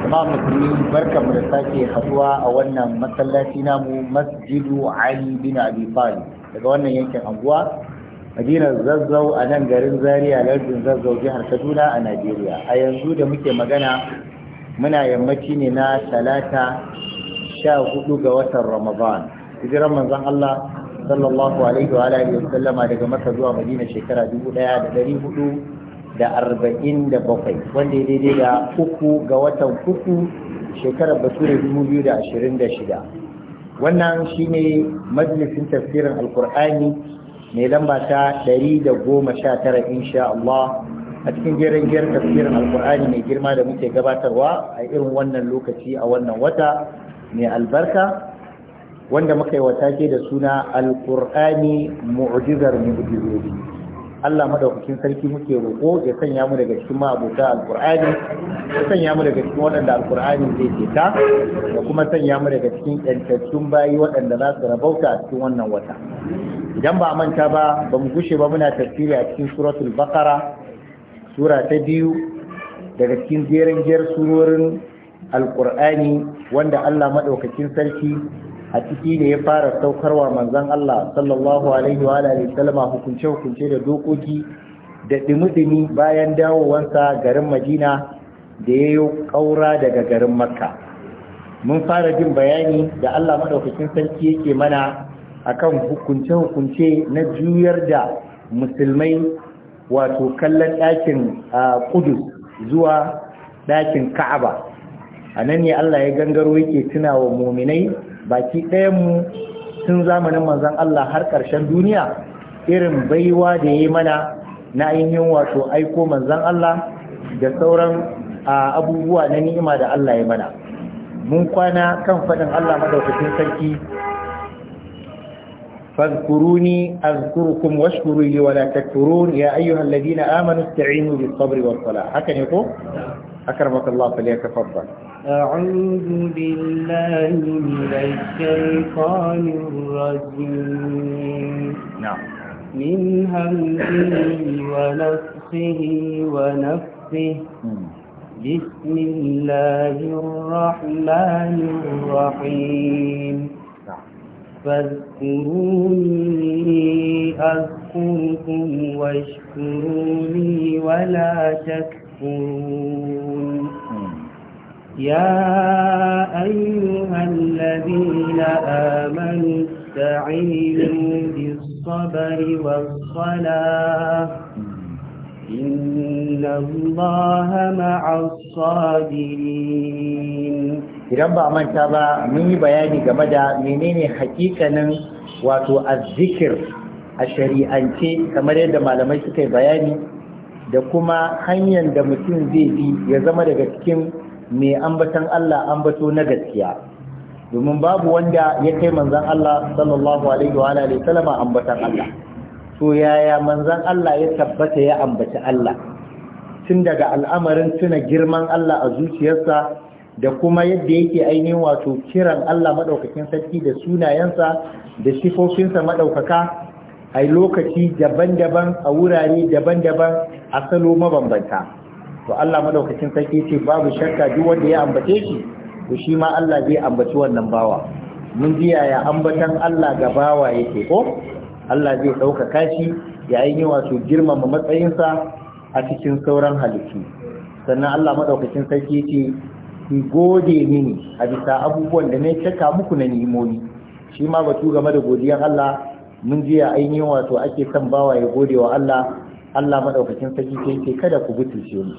Jama'a musulmi barkan mu da sake haduwa a wannan masallaci namu masjidu ali bin abi talib daga wannan yankin anguwa madinar zazzau a nan garin zaria lardin zazzau jihar kaduna a najeriya a yanzu da muke magana muna yammaci ne na talata sha hudu ga watan ramadan hijiran manzon allah sallallahu alaihi wa alihi wa sallama daga maka zuwa madina shekara dubu ɗaya da ɗari hudu da arba'in da bakwai wanda ya daidai da uku ga watan uku shekarar bature dubu biyu da ashirin da shida wannan shine majalisin tafsirin alkur'ani mai lamba ta ɗari da goma sha tara insha Allah a cikin jerin jerin tafsirin alkur'ani mai girma da muke gabatarwa a irin wannan lokaci a wannan wata mai albarka wanda muka yi wa ke da suna alkur'ani mu'jizar mu'jizoji Allah madaukakin sarki muke roƙo ya sanya mu daga cikin ma'abuta alƙur'ani ya sanya mu daga cikin waɗanda alƙur'ani zai ceta da kuma sanya mu daga cikin ƴancaccun bayi waɗanda za su rabauta a cikin wannan wata idan ba manta ba ba mu gushe ba muna tafsiri a cikin suratul baqara sura ta biyu daga cikin jerin jer surorin alƙur'ani wanda Allah madaukakin sarki a ciki ne ya fara saukarwa Manzan Allah sallallahu alaihi wa Alaihi salama hukunce hukunce da dokoki da dimi-dimi bayan dawowansa garin Madina da ya yi ƙaura daga garin Makka mun fara jin bayani da Allah maɗaukakin sarki yake mana a kan hukunce hukunce na juyar da musulmai wato kallon ɗakin kudus zuwa ɗakin ka'aba a nan ne Allah ya gangaro yake wa muminai baki ɗayanmu tun zamanin manzon Allah har ƙarshen duniya irin baiwa da ya mana na ainihin wato aiko manzon Allah da sauran abubuwa na ni'ima da Allah ya mana mun kwana kan faɗin Allah madaukakin sarki فاذكروني أذكركم واشكروا لي ولا تكفرون يا أيها الذين آمنوا استعينوا بالصبر Haka ne, ko. أكرمك الله فليتفضل أعوذ بالله من الشيطان الرجيم نعم من همزه ونفخه ونفخه بسم الله الرحمن الرحيم نعم. فاذكروني أذكركم واشكروني ولا تكفرون يا أيها الذين آمنوا استعينوا بالصبر والصلاة إن الله مع الصابرين idan ba manta ba mun yi bayani game da menene hakikanin wato azzikir a shari'ance kamar yadda malamai suka yi bayani da kuma hanyar da mutum zai bi ya zama daga cikin mai ambatan Allah ambato na gaskiya domin babu wanda ya kai manzan Allah sallallahu alaihi wa alihi salama ambatan Allah to yaya manzan Allah ya tabbata ya ambaci Allah tun daga al'amarin tuna girman Allah a zuciyarsa da kuma yadda yake ainihin wato kiran Allah madaukakin sarki da sunayensa da sifofinsa madaukaka a lokaci daban-daban a wurare daban-daban a salo mabambanta to Allah madaukakin sarki ce babu shakka duk wanda ya ambace shi to shi ma Allah zai ambaci wannan bawa mun ji yaya ambatan Allah ga bawa yake ko Allah zai ɗaukaka kashi yayin yi wato girmama matsayinsa a cikin sauran halittu sannan Allah madaukakin sarki ce ki gode mini a bisa abubuwan da na cika muku na nimoni shi ma batu game da godiyar Allah mun ji ya ainihin wato ake san bawa ya gode wa Allah Allah maɗaukacin sarki sai ce kada ku butulce mu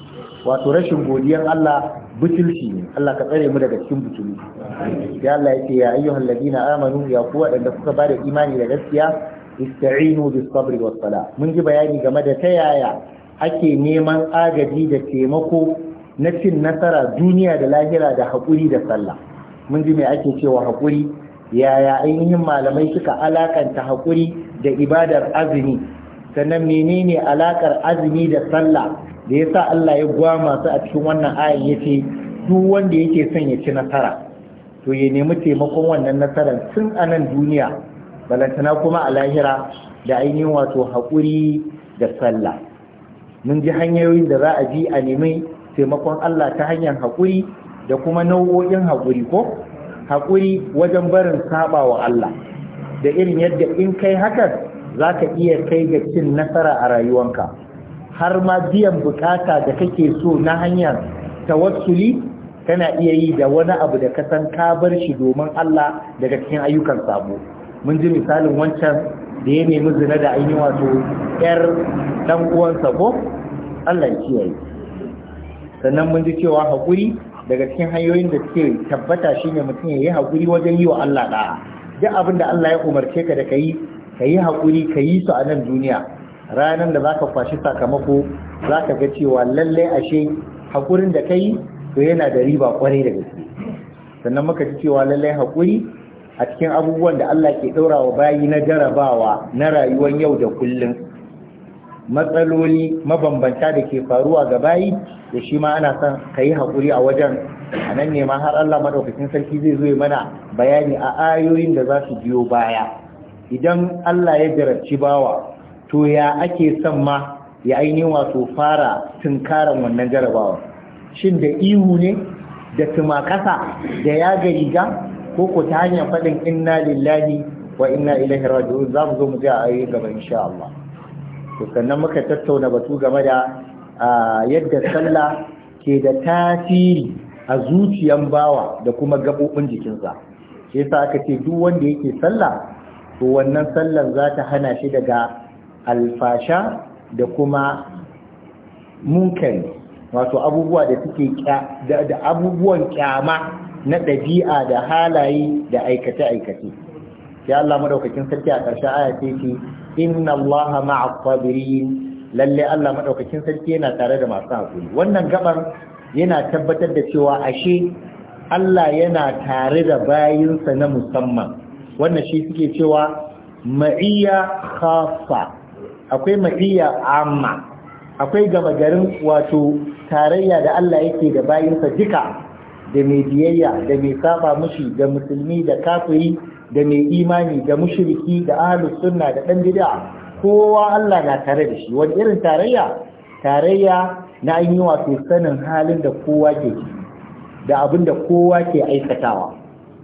wato rashin godiyar Allah butulci ne Allah ka tsare mu daga cikin butulu ya Allah yake ya ayyuhal na amanu ya ku wadanda kuka bada imani da gaskiya ista'inu bis sabri was sala mun ji bayani game da ta yaya ake neman agaji da taimako na cin nasara duniya da lahira da haƙuri da sallah mun ji me ake cewa haƙuri yaya ainihin malamai suka alakanta haƙuri da ibadar azumi sannan menene alakar azumi da sallah da yasa Allah ya gwa masu a cikin wannan ayin yace duk wanda yake son ya ci nasara to ya nemi taimakon wannan nasarar tun a nan duniya balantana kuma a lahira da ainihin wato haƙuri da sallah mun ji hanyoyin da za a ji a nemi taimakon Allah ta hanyar haƙuri da kuma nau'o'in haƙuri ko haƙuri wajen barin saba wa Allah da irin yadda in kai hakan za ka iya kai ga cin nasara a rayuwanka har ma biyan bukata da kake so na hanyar tawassuli kana iya yi da wani abu da ka san ka bar shi domin Allah daga cikin ayyukan sabo mun ji misalin wancan da ya nemi zina da ainihin wato yar dan uwansa Allah ya kiyaye sannan mun ji cewa haƙuri daga cikin hanyoyin da suke tabbata shine mutum ya yi haƙuri wajen yi wa Allah da'a duk abin da Allah ya umarce ka da yi. ka yi haƙuri ka yi su a nan duniya ranar da za ka kwashi sakamako za ka ga cewa lallai ashe haƙurin da ka yi to yana da riba kwarai da gaske sannan muka ji cewa lallai haƙuri a cikin abubuwan da Allah ke ɗaura wa bayi na jarabawa na rayuwar yau da kullum matsaloli mabambanta da ke faruwa ga bayi da shi ma ana son ka yi haƙuri a wajen a nan ne ma har Allah maɗaukacin sarki zai zo mana bayani a ayoyin da za su biyo baya idan Allah ya jarabci bawa to ya ake son ma ya ainihin wato fara tunkaran wannan jarabawa shin da ihu ne da tumakasa da ya riga ko ku ta hanyar faɗin inna lillahi wa inna ilaihi raji'un za mu zo mu ji a ayi gaba insha Allah to sannan muka tattauna batu game da yadda sallah ke da tasiri a zuciyan bawa da kuma gaɓoɓin jikinsa shi yasa aka ce duk wanda yake sallah to wannan sallar za ta hana shi daga alfasha da kuma munkari wato abubuwa da suke da abubuwan kyama na ɗabi'a da halaye da aikace-aikace sai Allah madaukakin sarki a ƙarshe aya ce ce inna Allah ma'a sabirin lalle Allah madaukakin sarki yana tare da masu hakuri wannan gabar yana tabbatar da cewa ashe Allah yana tare da bayinsa na musamman wannan shi suke cewa ma'iyya khassa akwai ma'iyya amma akwai gama garin wato tarayya da Allah yake da bayinsa duka da mai biyayya da mai saba mushi da musulmi da kafiri da mai imani da mushriki da ahlus sunna da dan bid'a kowa Allah na tare da shi wani irin tarayya tarayya na yi wato sanin halin da kowa ke da abin da kowa ke aikatawa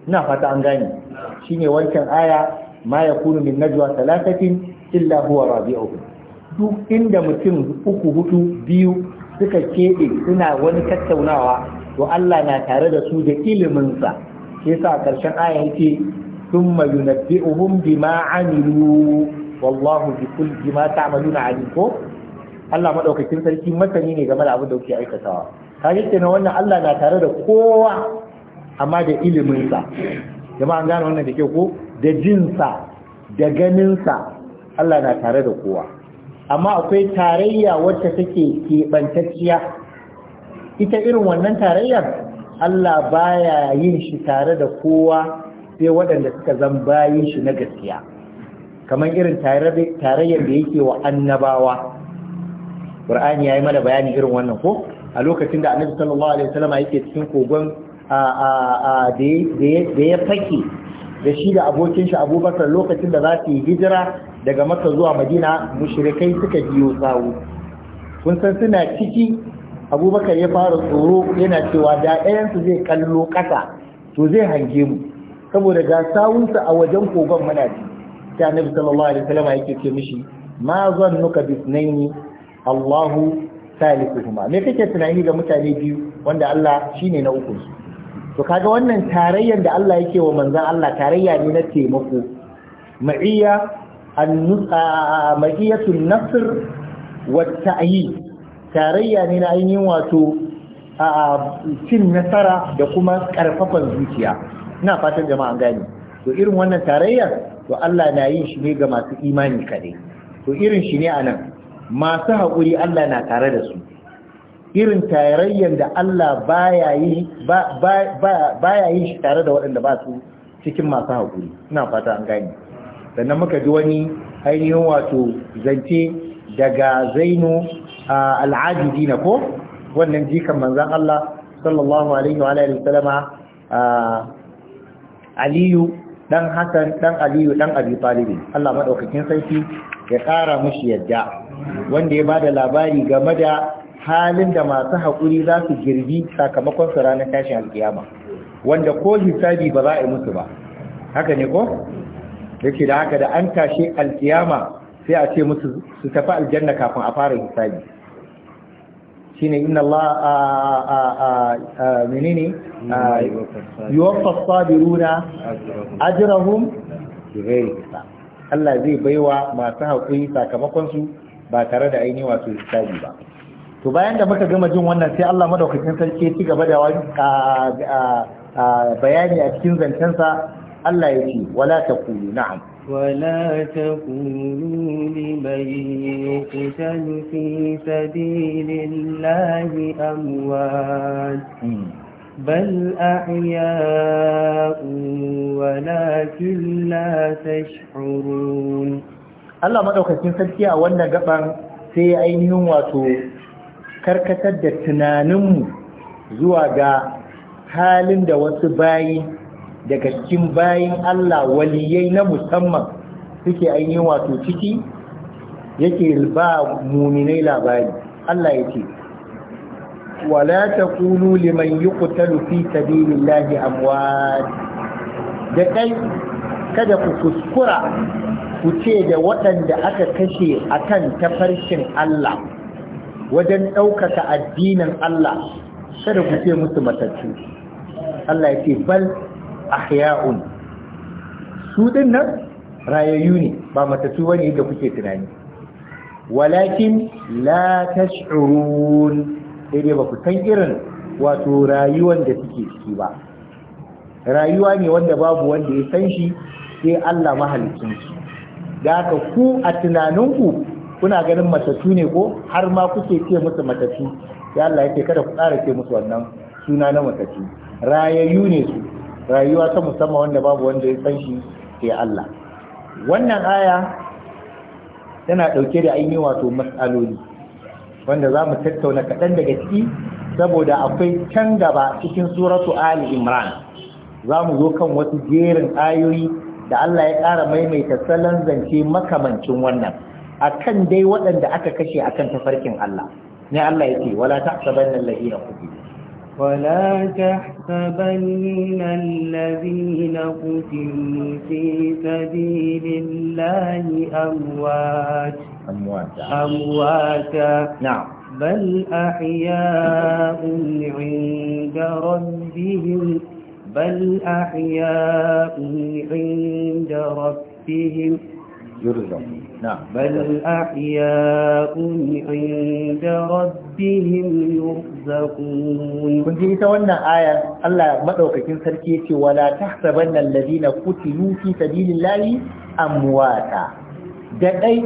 ina fata an gane shine wancan aya ma yakunu min najwa thalathatin illa huwa rabi'uhum duk inda mutum uku hudu biyu suka keɓe suna wani tattaunawa to Allah na tare da su da iliminsa shi yasa a aya yake thumma yunabbi'uhum bima amilu wallahu bi kulli bima ta'maluna alim ko Allah madaukakin sarki masani ne game da abin da kuke aikatawa kaje kenan wannan Allah na tare da kowa amma da iliminsa an gane wannan da ke ko da jinsa da ganinsa Allah na tare da kowa amma akwai tarayya wacce take keɓantacciya ita irin wannan tarayyar Allah baya yin shi tare da kowa sai waɗanda suka zan bayin shi na gaskiya kamar irin tarayyar da yake wa annabawa Qur'ani ya yi mana bayani irin wannan ko a lokacin da annabi sallallahu alaihi wasallam yake cikin kogon da ya fake da shi da abokin shi abubakar lokacin da za su yi hijira daga maka zuwa madina mushrikai suka biyo sawu kun san suna ciki abubakar ya fara tsoro yana cewa da ɗayansu zai kallo ƙasa to zai hange mu saboda ga sawunsa a wajen kogon muna ji sai annabi sallallahu alaihi wasallam yake ce mishi ma zannuka bisnaini Allahu salikuhuma me kake tunani ga mutane biyu wanda Allah shine na uku su to kaga wannan tarayyar da Allah yake wa manzon Allah tarayya ne na taimako ma'iyya ma'iyyatun nasr wa ta'yi tarayya ne na ainihin wato cin nasara da kuma karfafan zuciya ina fatan jama'a gani to irin wannan tarayyar to Allah na yin shi ne ga masu imani kadai to irin shi ne anan masu haƙuri Allah na tare da su irin tarayyar da Allah ba ya yi shi tare da waɗanda ba su cikin masu haƙuri ina fata an gani sannan muka ji wani ainihin wato zance daga zainu al'adidi na ko wannan jikan manzan Allah sallallahu alaihi wa alihi sallama aliyu dan Hassan dan aliyu dan abi talibi Allah maɗaukakin sarki ya ƙara mushi yadda wanda ya ba da labari game da halin da masu haƙuri za su girbi sakamakon su ranar tashin alkiyama wanda ko hisabi ba za a yi musu ba haka ne ko yake da haka da an tashe alkiyama sai a ce musu su tafi aljanna kafin a fara hisabi shine inna Allah a a a menene yuwaffas sabiruna ajrahum bighairi hisab Allah zai baiwa masu haƙuri sakamakon su ba tare da ainihi wato hisabi ba to bayan da muka gama jin wannan sai Allah madaukakin sarki ya ci gaba da bayani a cikin zancensa Allah ya ce wala taqulu na'am wala تقولوا لمن يقتل في سبيل الله بل أحياء ولكن لا تشعرون الله ما دوكا سين سلكي a wannan gaban sai ainihin wato karkatar da tunaninmu zuwa ga halin da wasu bayi daga cikin bayin Allah waliyai na musamman suke ainihin wato ciki yake ba muminai labari Allah ya ce wala taqulu liman yuqtalu fi sabilillahi amwat da kai kada ku kuskura ku ce da waɗanda aka kashe akan tafarshin Allah wajen ɗaukaka addinin Allah kada ku ce musu matattu Allah ya ce bal ahya'un su dinnan? nan rayayyu ne ba matattu wani da kuke tunani walakin la tash'urun sai dai ba ku san irin wato rayuwan da suke ciki ba rayuwa ne wanda babu wanda ya san shi sai Allah mahalicin shi da haka ku a tunaninku kuna ganin matattu ne ko har ma kuke ce musu matatu ya Allah yake kada ku ƙara ce musu wannan suna na matatu rayayyu ne su rayuwa ta musamman wanda babu wanda ya san shi sai Allah wannan aya tana ɗauke da ainihin wato matsaloli wanda za mu tattauna kaɗan daga ciki saboda akwai can gaba cikin suratu Ali Imran za mu zo kan wasu jerin ayoyi da Allah ya ƙara maimaita salon zance makamancin wannan akan dai waɗanda aka kashe akan tafarkin Allah ne Allah yake wala tahsabanna alladhina qutilu ولا تحسبن الذين قتلوا في سبيل الله أموات أمواتا بل أحياء عند ربهم بل أحياء عند ربهم يرزق نعم بل الأحياء عند ربهم يرزقون كنت يتولى آية الله مدعوك كنسر كيتي ولا تحسبن الذين قتلوا في سبيل الله أمواتا دقي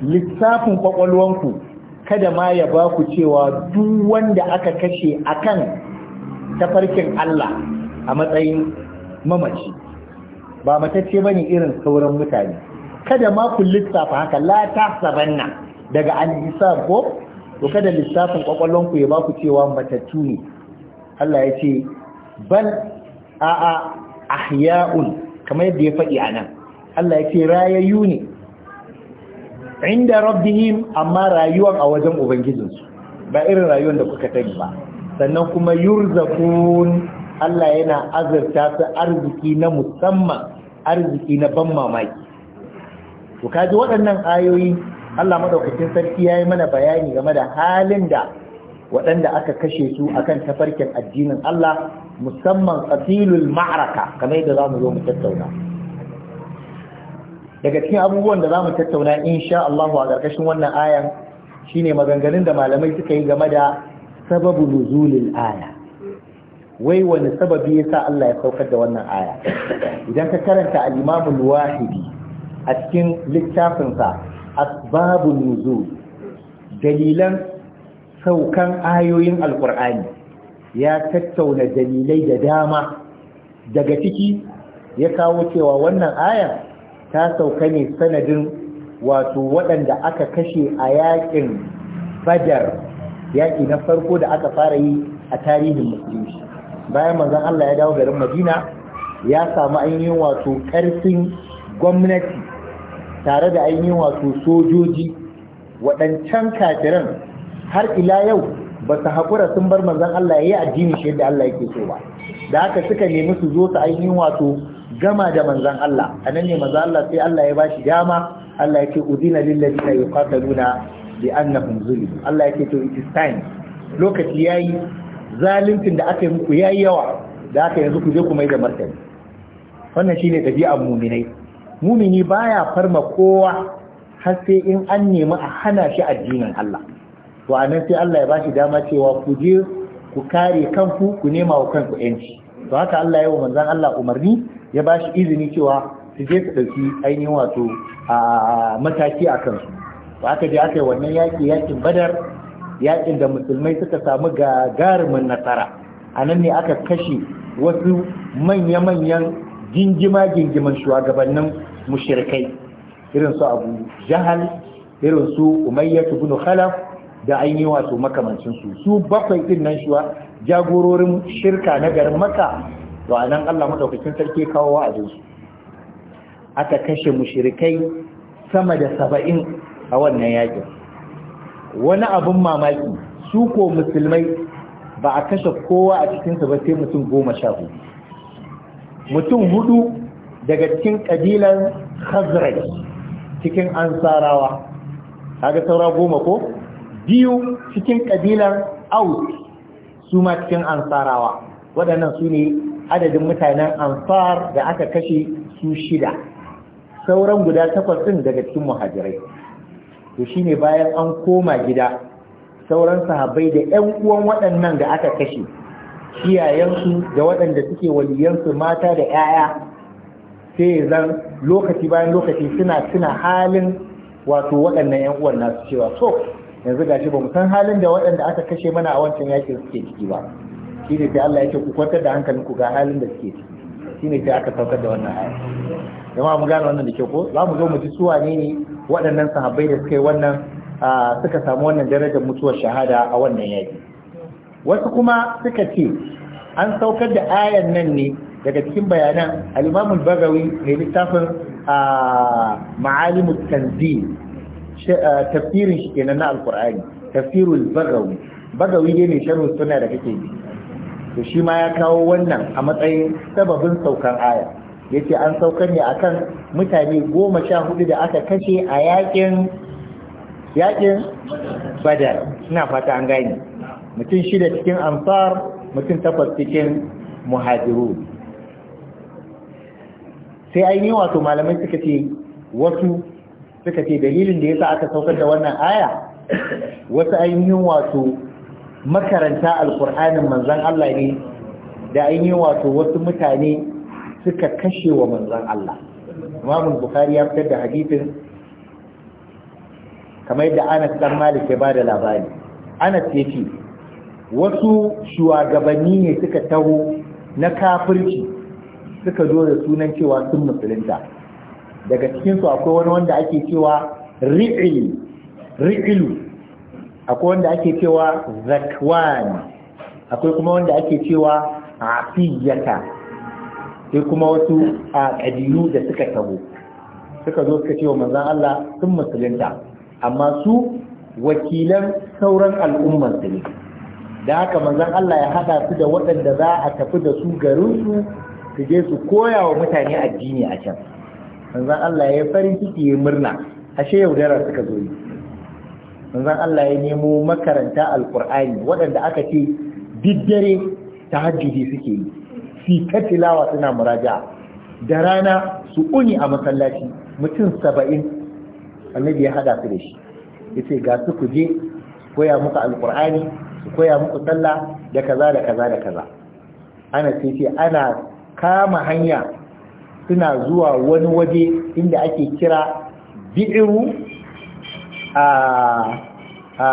lissafin kwakwalwanku kada ma ya ba ku cewa duk wanda aka kashe akan tafarkin Allah a matsayin mamaci ba matacce bane irin sauran mutane kada ma ku lissafa haka la sabanna daga al-hisab ko to kada lissafin kwakwallon ku ya ba ku cewa matattu ne Allah ya ce bal a'a ahya'un kamar yadda ya faɗi anan Allah ya ce rayayyu ne inda rabbihim amma rayuwan a wajen ubangijinsu ba irin rayuwan da kuka sani ba sannan kuma yurzakun Allah yana azurta su arziki na musamman arziki na ban mamaki to ji waɗannan ayoyi Allah madaukakin sarki ya yi mana bayani game da halin da waɗanda aka kashe su akan tafarkin addinin Allah musamman qatilul ma'raka kamar yadda zamu zo mu tattauna daga cikin abubuwan da zamu tattauna insha Allah a ƙarƙashin wannan aya shine maganganun da malamai suka yi game da sababu nuzulil aya wai wani sababi yasa Allah ya saukar da wannan aya idan ka karanta al-Imam al-Wahidi a cikin littafinsa asbabun nuzul dalilan saukan ayoyin alkur'ani ya tattauna dalilai da dama daga ciki ya kawo cewa wannan aya ta sauka ne sanadin wato waɗanda aka kashe a yaƙin badar yaƙi na farko da aka fara yi a tarihin musulunci bayan manzon Allah ya dawo garin Madina ya samu ainihin wato ƙarfin gwamnati tare da ainihin wato sojoji waɗancan kafiran har ila yau ba su haƙura sun bar manzan Allah ya yi addini shi yadda Allah yake so ba da haka suka nemi su zo su ainihin wato gama da manzan Allah a nan ne manzan Allah sai Allah ya bashi dama Allah yake udina lillazina yuqataluna bi annahum zulim Allah yake to it is time lokaci yayi zaluncin da aka yi muku yayi yawa da haka yanzu ku je ku mai da martani wannan shine ɗabi'ar muminai mumini baya farma kowa har sai in an nemi a hana shi addinin Allah to anan sai Allah ya bashi dama cewa ku je ku kare kanku ku nema wa kanku yanci to haka Allah ya yi wa manzon Allah umarni ya bashi izini cewa su je su dauki ainihin wato a mataki a kansu to haka je aka wannan yaki yakin badar yakin da musulmai suka samu gagarumin nasara anan ne aka kashe wasu manya-manyan gingima-gingiman shugabannin mushirkai irin su abu jahal irin su umayya ibn khalaf da an yi wato makamancin su su bakwai din nan shuwa jagororin shirka na garin maka to anan Allah madaukakin sarki kawo wa'azin su aka kashe mushrikai sama da saba'in a wannan yakin wani abun mamaki su ko musulmai ba a kashe kowa a su ba sai mutum goma sha hudu mutum hudu daga cikin kabilan khazraj cikin ansarawa kaga saura goma ko biyu cikin kabilan aus su ma cikin ansarawa waɗannan su ne adadin mutanen ansar da aka kashe su shida sauran guda takwas ɗin daga cikin muhajirai to shine bayan an koma gida sauran sahabbai da 'yan uwan waɗannan da aka kashe kiyayensu da waɗanda suke waliyansu mata da 'ya'ya sai zan lokaci bayan lokaci suna suna halin wato waɗannan yan uwan nasu cewa so yanzu gashi ba mu san halin da waɗanda aka kashe mana a wancan yakin suke ciki ba shi ne sai Allah yake ku kwantar da hankalin ku ga halin da suke ciki shi ne sai aka saukar da wannan aya jama'a mu gane wannan da ke ko za mu zo mu ji su wane ne waɗannan sahabbai da suka yi wannan suka samu wannan darajar mutuwar shahada a wannan yaki wasu kuma suka ce an saukar da ayan nan ne daga cikin bayanan al-imam al-bagawi ne littafin a ma'alimu tanzil tafsirin shi kenan na al-qur'ani tafsirul bagawi bagawi ne sharhu sunna da kake yi to shi ma ya kawo wannan a matsayin sababin saukar aya yace an saukar ne akan mutane goma sha hudu da aka kashe a yakin yakin badar ina fata an gane mutum shida cikin ansar mutum takwas cikin muhajiru sai ainihin wato malamai suka ce wasu suka ce dalilin da ya sa aka saukar da wannan aya wasu ainihin wato makaranta alkur'anin manzan Allah ne da ainihin wato wasu mutane suka kashe wa manzan Allah Mamun bukari ya fitar da hadithin kamar yadda anas dan malik ya ba da labari anas ya ce wasu shugabanni ne suka taho na kafirci suka zo da sunan cewa sun musulunta daga cikinsu akwai wani wanda ake cewa ri'il ri'ilu akwai wanda ake cewa zakwan akwai kuma wanda ake cewa afiyata sai kuma wasu a ƙabilu da suka taho suka zo suka cewa manzan Allah sun musulunta amma su wakilan sauran al'ummar su ne da haka manzan Allah ya hada su da waɗanda za a tafi da su garinsu su je su koya wa mutane addini a can manzon Allah ya farin ciki ya murna ashe yaudara suka zo yi Allah ya nemo makaranta alkur'ani waɗanda aka ce diddare hajjiji suke yi fi ta tilawa suna muraja da rana su uni a masallaci mutum saba'in annabi ya hada su da shi ya ce ga su je koya muku alkur'ani su koya muku sallah da kaza da kaza da kaza ana sai ce ana kama hanya suna zuwa wani waje inda ake kira bi'iru a a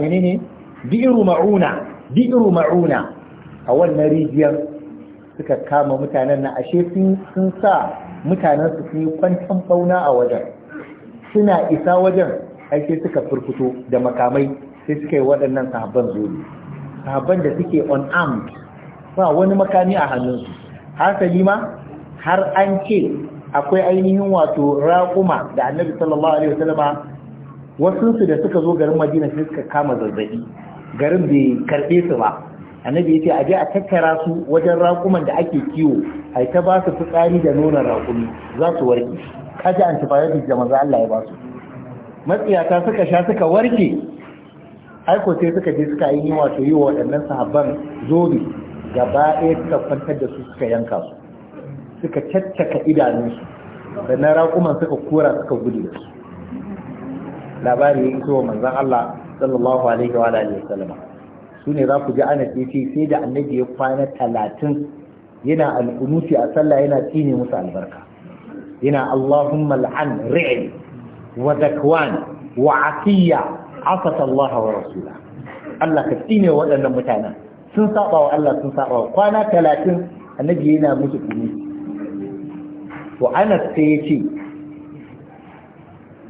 menene bi'iru ma'una bi'iru ma'una a wannan rijiyar suka kama mutanen na ashe sun sa mutanen su yi kwantan fauna a wajen suna isa wajen ashe suka furkuto da makamai sai suka yi waɗannan sahabban zuri sahabban da suke on armed ba wani makami a hannunsu hasali ma har an ce akwai ainihin wato raƙuma da annabi sallallahu alaihi wasallama wasunsu da suka zo garin madina sai suka kama zazzabi garin bai karɓe su ba annabi ya ce a je a tattara su wajen raƙuman da ake kiwo a ta ba su fitsari da nonon raƙumi za su warke kaji antibiotics da maza Allah ya ba su matsiyata suka sha suka warke aiko sai suka je suka yi wato yi wa waɗannan sahabban zobe gaba ɗaya suka kwantar da su suka yanka su suka caccaka idanunsu da na raƙuman suka kora suka gudu da su labari ya iso manzon Allah sallallahu alaihi wa alihi wasallam su ne za ku ji ana ce sai da annabi ya kwana talatin yana alƙunuti a sallah yana tsine musu albarka yana Allahumma al'an ri'il wa zakwan wa asiya afata Allah wa rasula Allah ka tsine waɗannan mutanen sun saba wa Allah sun saba wa kwana talatin annabi yana musu kuni wa Anas sai ya ce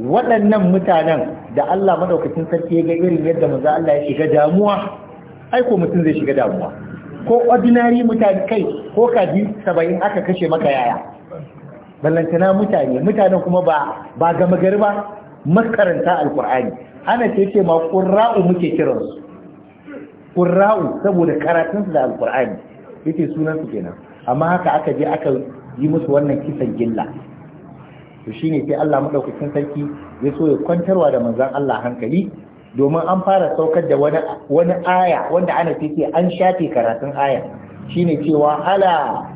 waɗannan mutanen da Allah madaukakin sarki ya ga irin yadda manzo Allah ya shiga damuwa ai ko mutum zai shiga damuwa ko ordinary mutane kai ko kaji sabayin aka kashe maka yaya ballantana mutane mutanen kuma ba ba gama gari ba makaranta alkur'ani ana ce ce ma qurra'u muke kiransu qurra'u saboda karatunsu da Alƙur'ani yake sunansu su kenan amma haka aka je aka yi musu wannan kisan gilla to shine sai Allah madaukakin sarki ya so ya kwantarwa da manzon Allah hankali domin an fara saukar da wani wani aya wanda ana ce an shafe karatun aya shine cewa ala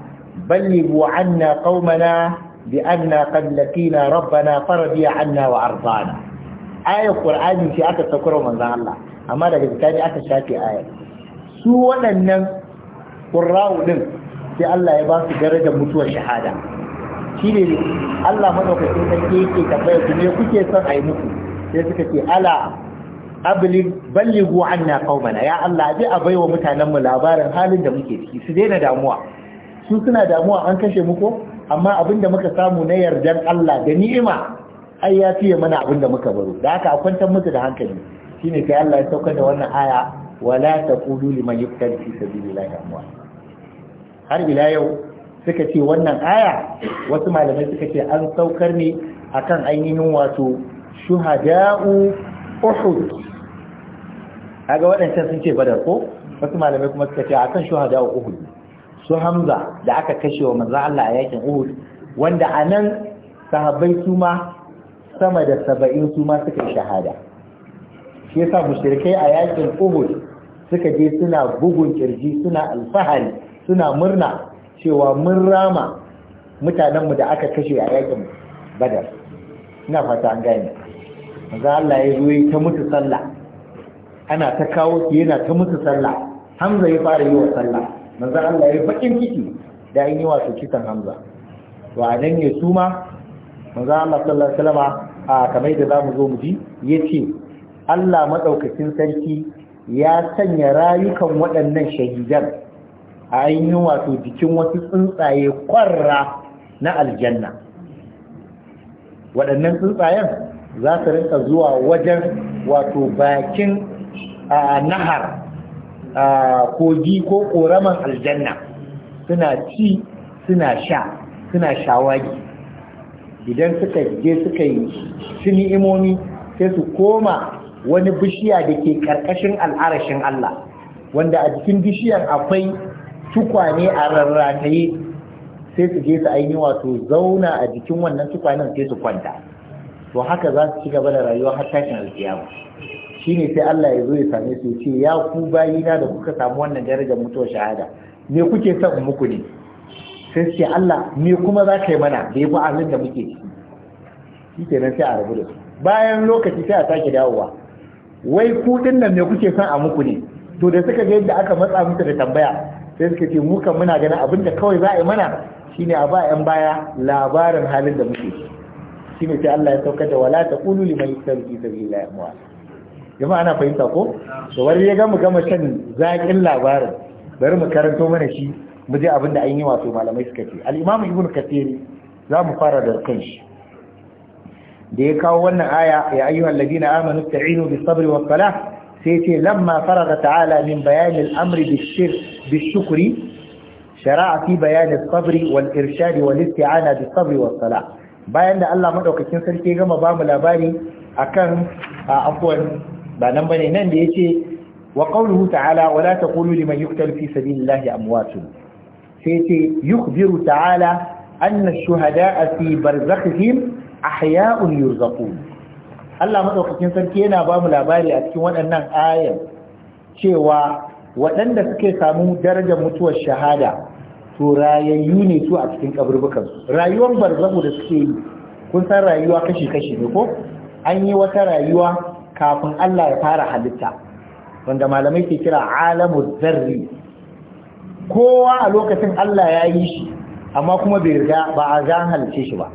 ballighu anna qaumana bi anna qad laqina rabbana faradiya anna wa ardana ayar qur'ani ce aka saukar manzon Allah amma daga bisani aka shafe aya su waɗannan ƙurra'u ɗin sai Allah ya ba su darajar mutuwar shahada shi ne Allah maɗaukacin sarki yake tambaya su me kuke son a yi muku sai suka ce ala abli ballighu anna qaumana ya Allah bi a baiwa mutanen mu labarin halin da muke ciki su daina damuwa su suna damuwa an kashe muku amma abin da muka samu na yardan Allah da ni'ima ai ya fiye mana abin da muka baro da haka a kwantar musu da hankali shine kai Allah ya saukar da wannan aya wala taqulu liman yuqtalu fi sabilillahi amwat har ila yau suka ce wannan aya wasu malamai suka ce an saukar ne akan ainihin wato shuhada'u uhud kaga waɗancan sun ce badar ko wasu malamai kuma suka ce akan shuhada'u uhud su hamza da aka kashe wa manzo Allah a yakin uhud wanda anan sahabbai su ma sama da saba'in su ma suka shahada shi yasa mushrikai a yakin Uhud suka je suna bugun kirji suna alfahari suna murna cewa mun rama mutanenmu da aka kashe a yakin Badar ina fata an gane manzo Allah ya zo ta mutu sallah ana ta kawo yana ta mutu sallah Hamza ya fara yi wa sallah manzo Allah ya bakin kiki da an yi su kisan Hamza To a nan ya suma manzo Allah sallallahu alaihi wasallama a kamar da zamu zo mu ji yace Allah maɗaukakin sarki ya sanya rayukan waɗannan shahidan a ainihin wato jikin wasu tsuntsaye kwarra na aljanna waɗannan tsuntsayen za su rinka zuwa wajen wato bakin nahar kogi ko ƙoraman aljanna suna ci suna sha suna shawagi idan suka je suka yi shi ni'imomi sai su koma wani bishiya da ke ƙarƙashin al'arashin Allah wanda a jikin bishiyar akwai tukwane a rarrataye sai su je su ainihin wato zauna a jikin wannan tukwanen sai su kwanta to haka za su ci gaba da rayuwa har tashin alkiyama ne sai Allah ya zo ya same su ce ya ku bayina da kuka samu wannan darajar mutuwar shahada me kuke son muku ne sai su ce Allah me kuma za ka yi mana da ya fi da muke ciki shi kenan sai a rabu da su bayan lokaci sai a sake dawowa wai ku nan ne kuke son a muku ne to da suka ga yadda aka matsa musu da tambaya sai suka ce mu kan muna ganin abin da kawai za a yi mana shine a ba yan baya labarin halin da muke shine sai Allah ya sauka da wala qulu liman yastabqi sabila amwat jama'a ana fahimta ko to wani ya gama gama shan zaƙin labarin bari mu karanto mana shi mu je abin da an yi wato malamai suka ce al-imam ibnu kathiri za mu fara da kanshi da ya kawo wannan aya ya ayyuhal ladina amanu ta'inu bis sabri was salah sai ce lamma faraga ta'ala min bayani al-amri bishir bishukri shara'a fi bayani as-sabri wal irshad wal isti'ana bis sabri was salah bayan da Allah madaukakin sarki gama ba mu labari akan afwan ba nan bane nan da yace wa qawluhu ta'ala wa la taqulu liman yuqtalu fi sabilillahi amwatun sai ce yukhbiru ta'ala anna ash-shuhada'a fi barzakhihim ahya'un yurzaqun Allah madaukakin sarki yana ba mu labari a cikin waɗannan ayan cewa waɗanda suke samu darajar mutuwar shahada to rayayyu ne su a cikin su. rayuwar barzahu da suke yi kun san rayuwa kashi-kashi ne ko an yi wata rayuwa kafin Allah ya fara halitta wanda malamai ke kira alamu zarri kowa a lokacin Allah ya yi shi amma kuma bai riga ba a zan halice shi ba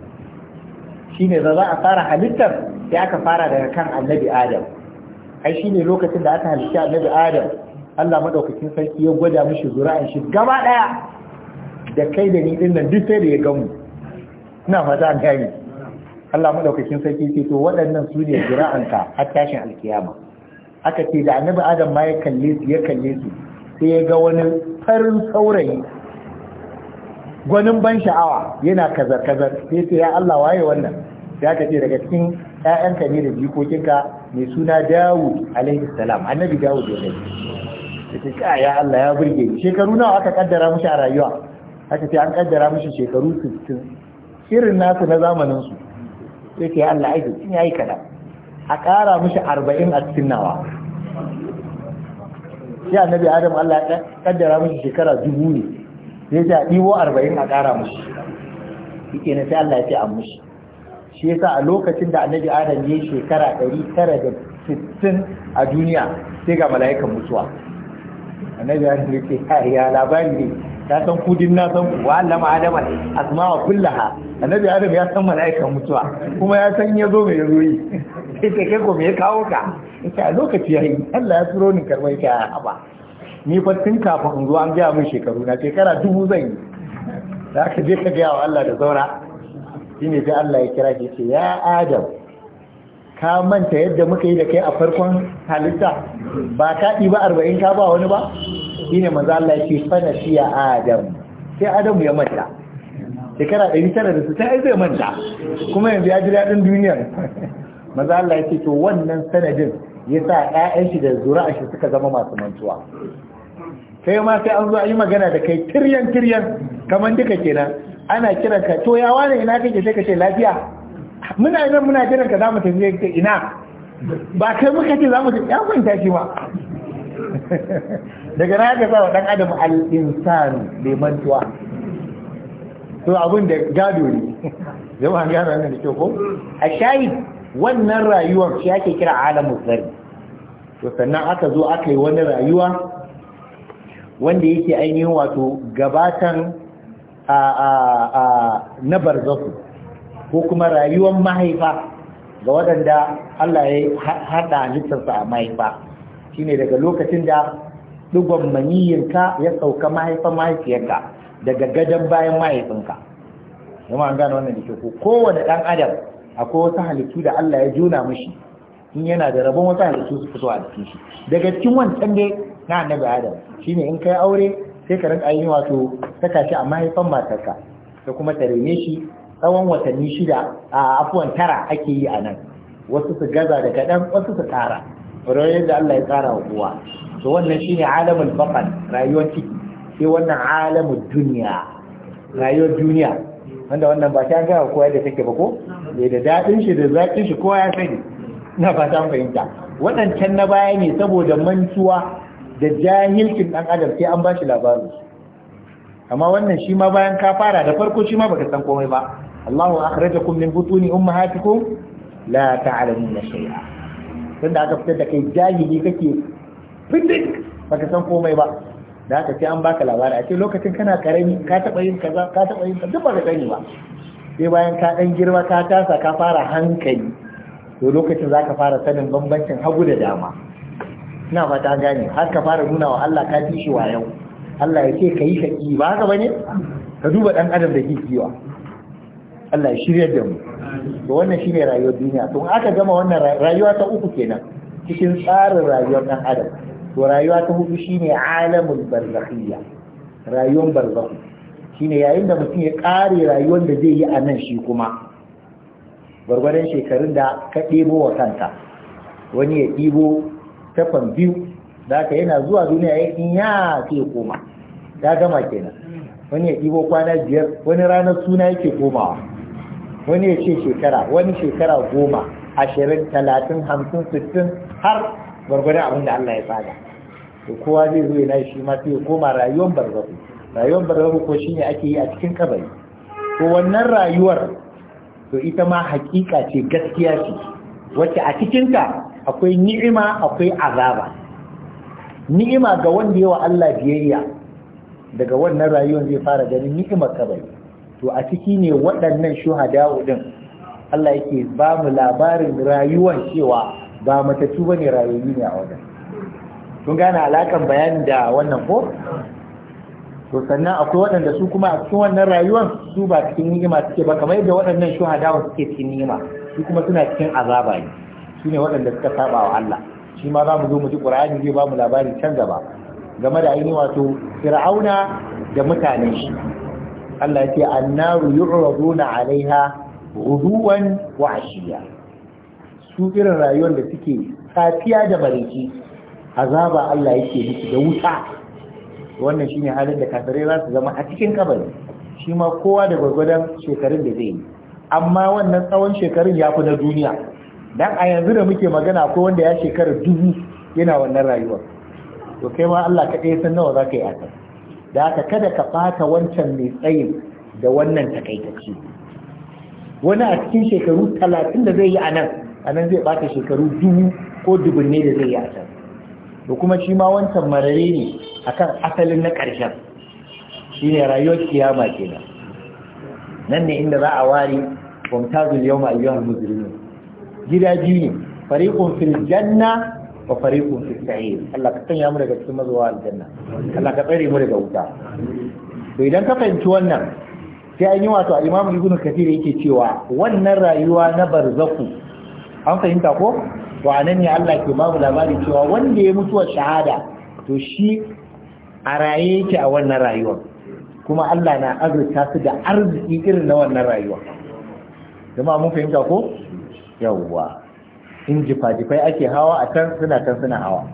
shi da za a fara halittar sai aka fara daga kan annabi adam ai shine lokacin da aka halitta annabi adam Allah maɗaukacin sarki ya gwada mishi zuri'an shi gaba daya da kai da ni ɗin nan duk sai da ya gamu ina fata an gani Allah maɗaukacin sarki ce to waɗannan su ne zura'anka har tashin alkiyama aka ce da annabi adam ma ya kalle su ya kalle su sai ya ga wani farin saurayi gwanin ban sha'awa yana kazar-kazar sai sai ya Allah waye wannan sai aka ce daga cikin 'ya'yanka ne da jikokinka mai suna Dawud alaihi salam annabi Dawud ya dai sai ka ya Allah ya burge ni shekaru nawa aka kaddara mushi a rayuwa aka ce an kaddara mushi shekaru 60 irin nasu na zamanin su sai ce Allah ai kin yayi kada a ƙara mushi 40 a cikin nawa sai annabi Adam Allah ya kaddara mushi shekara dubu ne sai ya ɗiwo 40 a ƙara mishi yake na sai Allah ya ce an mushi shi yasa a lokacin da annabi adam ya shekara 960 a duniya sai ga mala'ikan mutuwa annabi adam ya ce ya labari ne ta san kudin na san wa allama adam asma'a kullaha annabi adam ya san mala'ikan mutuwa kuma ya san ya zo mai yazo yi sai ke ko me kawo ka ita a lokaci yayi Allah ya turo ni karbai ka haba ni fa tun kafin zuwa zo an gaya min shekaru na shekara dubu zan yi za ka je ka gaya wa Allah da saura ne sai Allah ya kira shi ce ya Adam ka manta yadda muka yi da kai a farkon halitta ba ka ba arba'in ka ba wani ba ne maza Allah ya ce fana shi ya Adam sai Adam ya manta shekara ta ai ya manta kuma yanzu ya ji daɗin duniyar Maza Allah ya ce to wannan sanadin ya ƴaƴan shi da zuri'a shi suka zama masu mantuwa kai ma sai an zo a yi magana da kai tiryan tiryan kamar duka kenan ana kiran ka to ya wane ina kake sai ka ce lafiya muna nan muna kiran ka zamu tafi ka ina ba kai muka ce zamu tafi ya kwanta shi ma daga na ga sawa dan adam al insani bai mantuwa to abin da gado ne yau an gano ne da ko a shayi wannan rayuwar shi ake kira alamu zari to sannan aka zo aka yi wani rayuwa wanda yake ainihin wato gabatan na barzaku ko kuma rayuwar mahaifa ga waɗanda Allah ya haɗa halittarsa a mahaifa shine daga lokacin da ɗigon maniyinka ya sauka mahaifan mahaifiyarka daga gadon bayan mahaifinka zama an gano wannan da ke kowane ɗan adam akwai wasu halittu da Allah ya juna mashi in yana da rabon wasu halittu su fito a cikin shi daga cikin wancan dai na annabi adam shine in kai aure sai ka rinka yin wato saka shi a mahaifan matarka ta kuma ta rene shi tsawon watanni shida a afuwan tara ake yi a nan wasu su gaza da kaɗan wasu su tara rayuwar yadda Allah ya tsara wa uwa to wannan shi ne alamun bakan rayuwar ciki sai wannan alamun duniya rayuwar duniya wanda wannan ba ta gaba kowa da take ba ko da daɗin shi da zaƙin shi kowa ya sani na fata fahimta waɗancan na baya ne saboda mantuwa da jahilcin ɗan adam sai an ba shi labarin amma wannan shi ma bayan ka fara da farko shi ma baka san komai ba Allahu akhrajakum min butuni ummahatikum la ta'lamuna shay'a tunda aka fitar da kai jahili kake fitik baka san komai ba da haka sai an baka labari a ce lokacin kana karami ka taba yin kaza ka taba yin kaza baka sani ba sai bayan ka dan girma ka tasa ka fara hankali to lokacin zaka fara sanin bambancin hagu da dama ina fata gane har ka fara nuna wa Allah ka fi shi wa yau Allah ya ce ka yi shaki ba haka bane ka duba dan adam da kikiwa Allah ya shirya da mu to wannan shine rayuwar duniya to aka gama wannan rayuwa ta uku kenan cikin tsarin rayuwar dan adam to rayuwa ta hudu shine alamul barzakhiyya rayuwar barzakhu shine yayin da mutum ya kare rayuwar da zai yi a nan shi kuma gwargwadon shekarun da ka ɗebo wa kanka wani ya ɗibo Tafan biyu da aka yana zuwa duniya ya in ya ce koma ya gama kenan wani ya ɗibo kwana biyar wani ranar suna yake komawa wani ya ce shekara wani shekara goma ashirin talatin hamsin sittin har gwargwadon abin da Allah ya tsada to kowa zai zo yana shi ma sai ya koma rayuwar barzaku rayuwar barzaku ko shine ake yi a cikin kabari to wannan rayuwar to ita ma hakika ce gaskiya ce wacce a cikinta akwai ni'ima akwai azaba ni'ima ga wanda yawa Allah biyayya daga wannan rayuwar zai fara ganin ni'imar bai to a ciki ne waɗannan shuhada din Allah yake ba mu labarin rayuwar cewa ba matattu bane rayuwi ne a wajen Sun gane alaƙar bayanin da wannan ko to sannan akwai waɗanda su kuma a cikin wannan rayuwar su ba cikin ni'ima suke ba kamar yadda waɗannan shuhadawa suke cikin ni'ima su kuma suna cikin azaba ne su ne waɗanda suka saba wa Allah shi ma za mu zo mu ji ƙur'ani zai ba mu labari can gaba game da ainihin wato fir'auna da mutane shi Allah ya ce annaru na alaiha ghuduwan wa ashiya su irin rayuwar da suke safiya da bariki azaba Allah yake miki da wuta wannan shine halin da kafirai za su zama a cikin kabari shi ma kowa da gwargwadon shekarun da zai yi amma wannan tsawon shekarun ya fi na duniya dan a yanzu da muke magana ko wanda ya shekara dubu yana wannan rayuwar to kai ma Allah ka ɗaya san nawa za ka yi haka da haka kada ka fata wancan mai tsayin da wannan takaitacce wani a cikin shekaru talatin da zai yi a nan a zai bata shekaru dubu ko dubunne da zai yi a can kuma shi ma wancan marare ne akan asalin na ƙarshen shi ne rayuwar kiyama kenan nan ne inda za a ware wamtazul yawma ayyuhal muslimin gida biyu ne fariƙun fil janna wa fariƙun fil sa'ir Allah ka sanya mu daga cikin mazuwa aljanna Allah ka tsare mu daga wuta to idan ka fahimci wannan sai an yi wato al-Imam Ibn Kathir yake cewa wannan rayuwa na barzaku an fahimta ko to anan ne Allah ke babu labari cewa wanda ya mutuwa shahada to shi a raye yake a wannan rayuwar kuma Allah na azurta su da arziki irin na wannan rayuwa jama'a mun fahimta ko yawwa in jifa-jifai ake hawa a can suna can suna hawa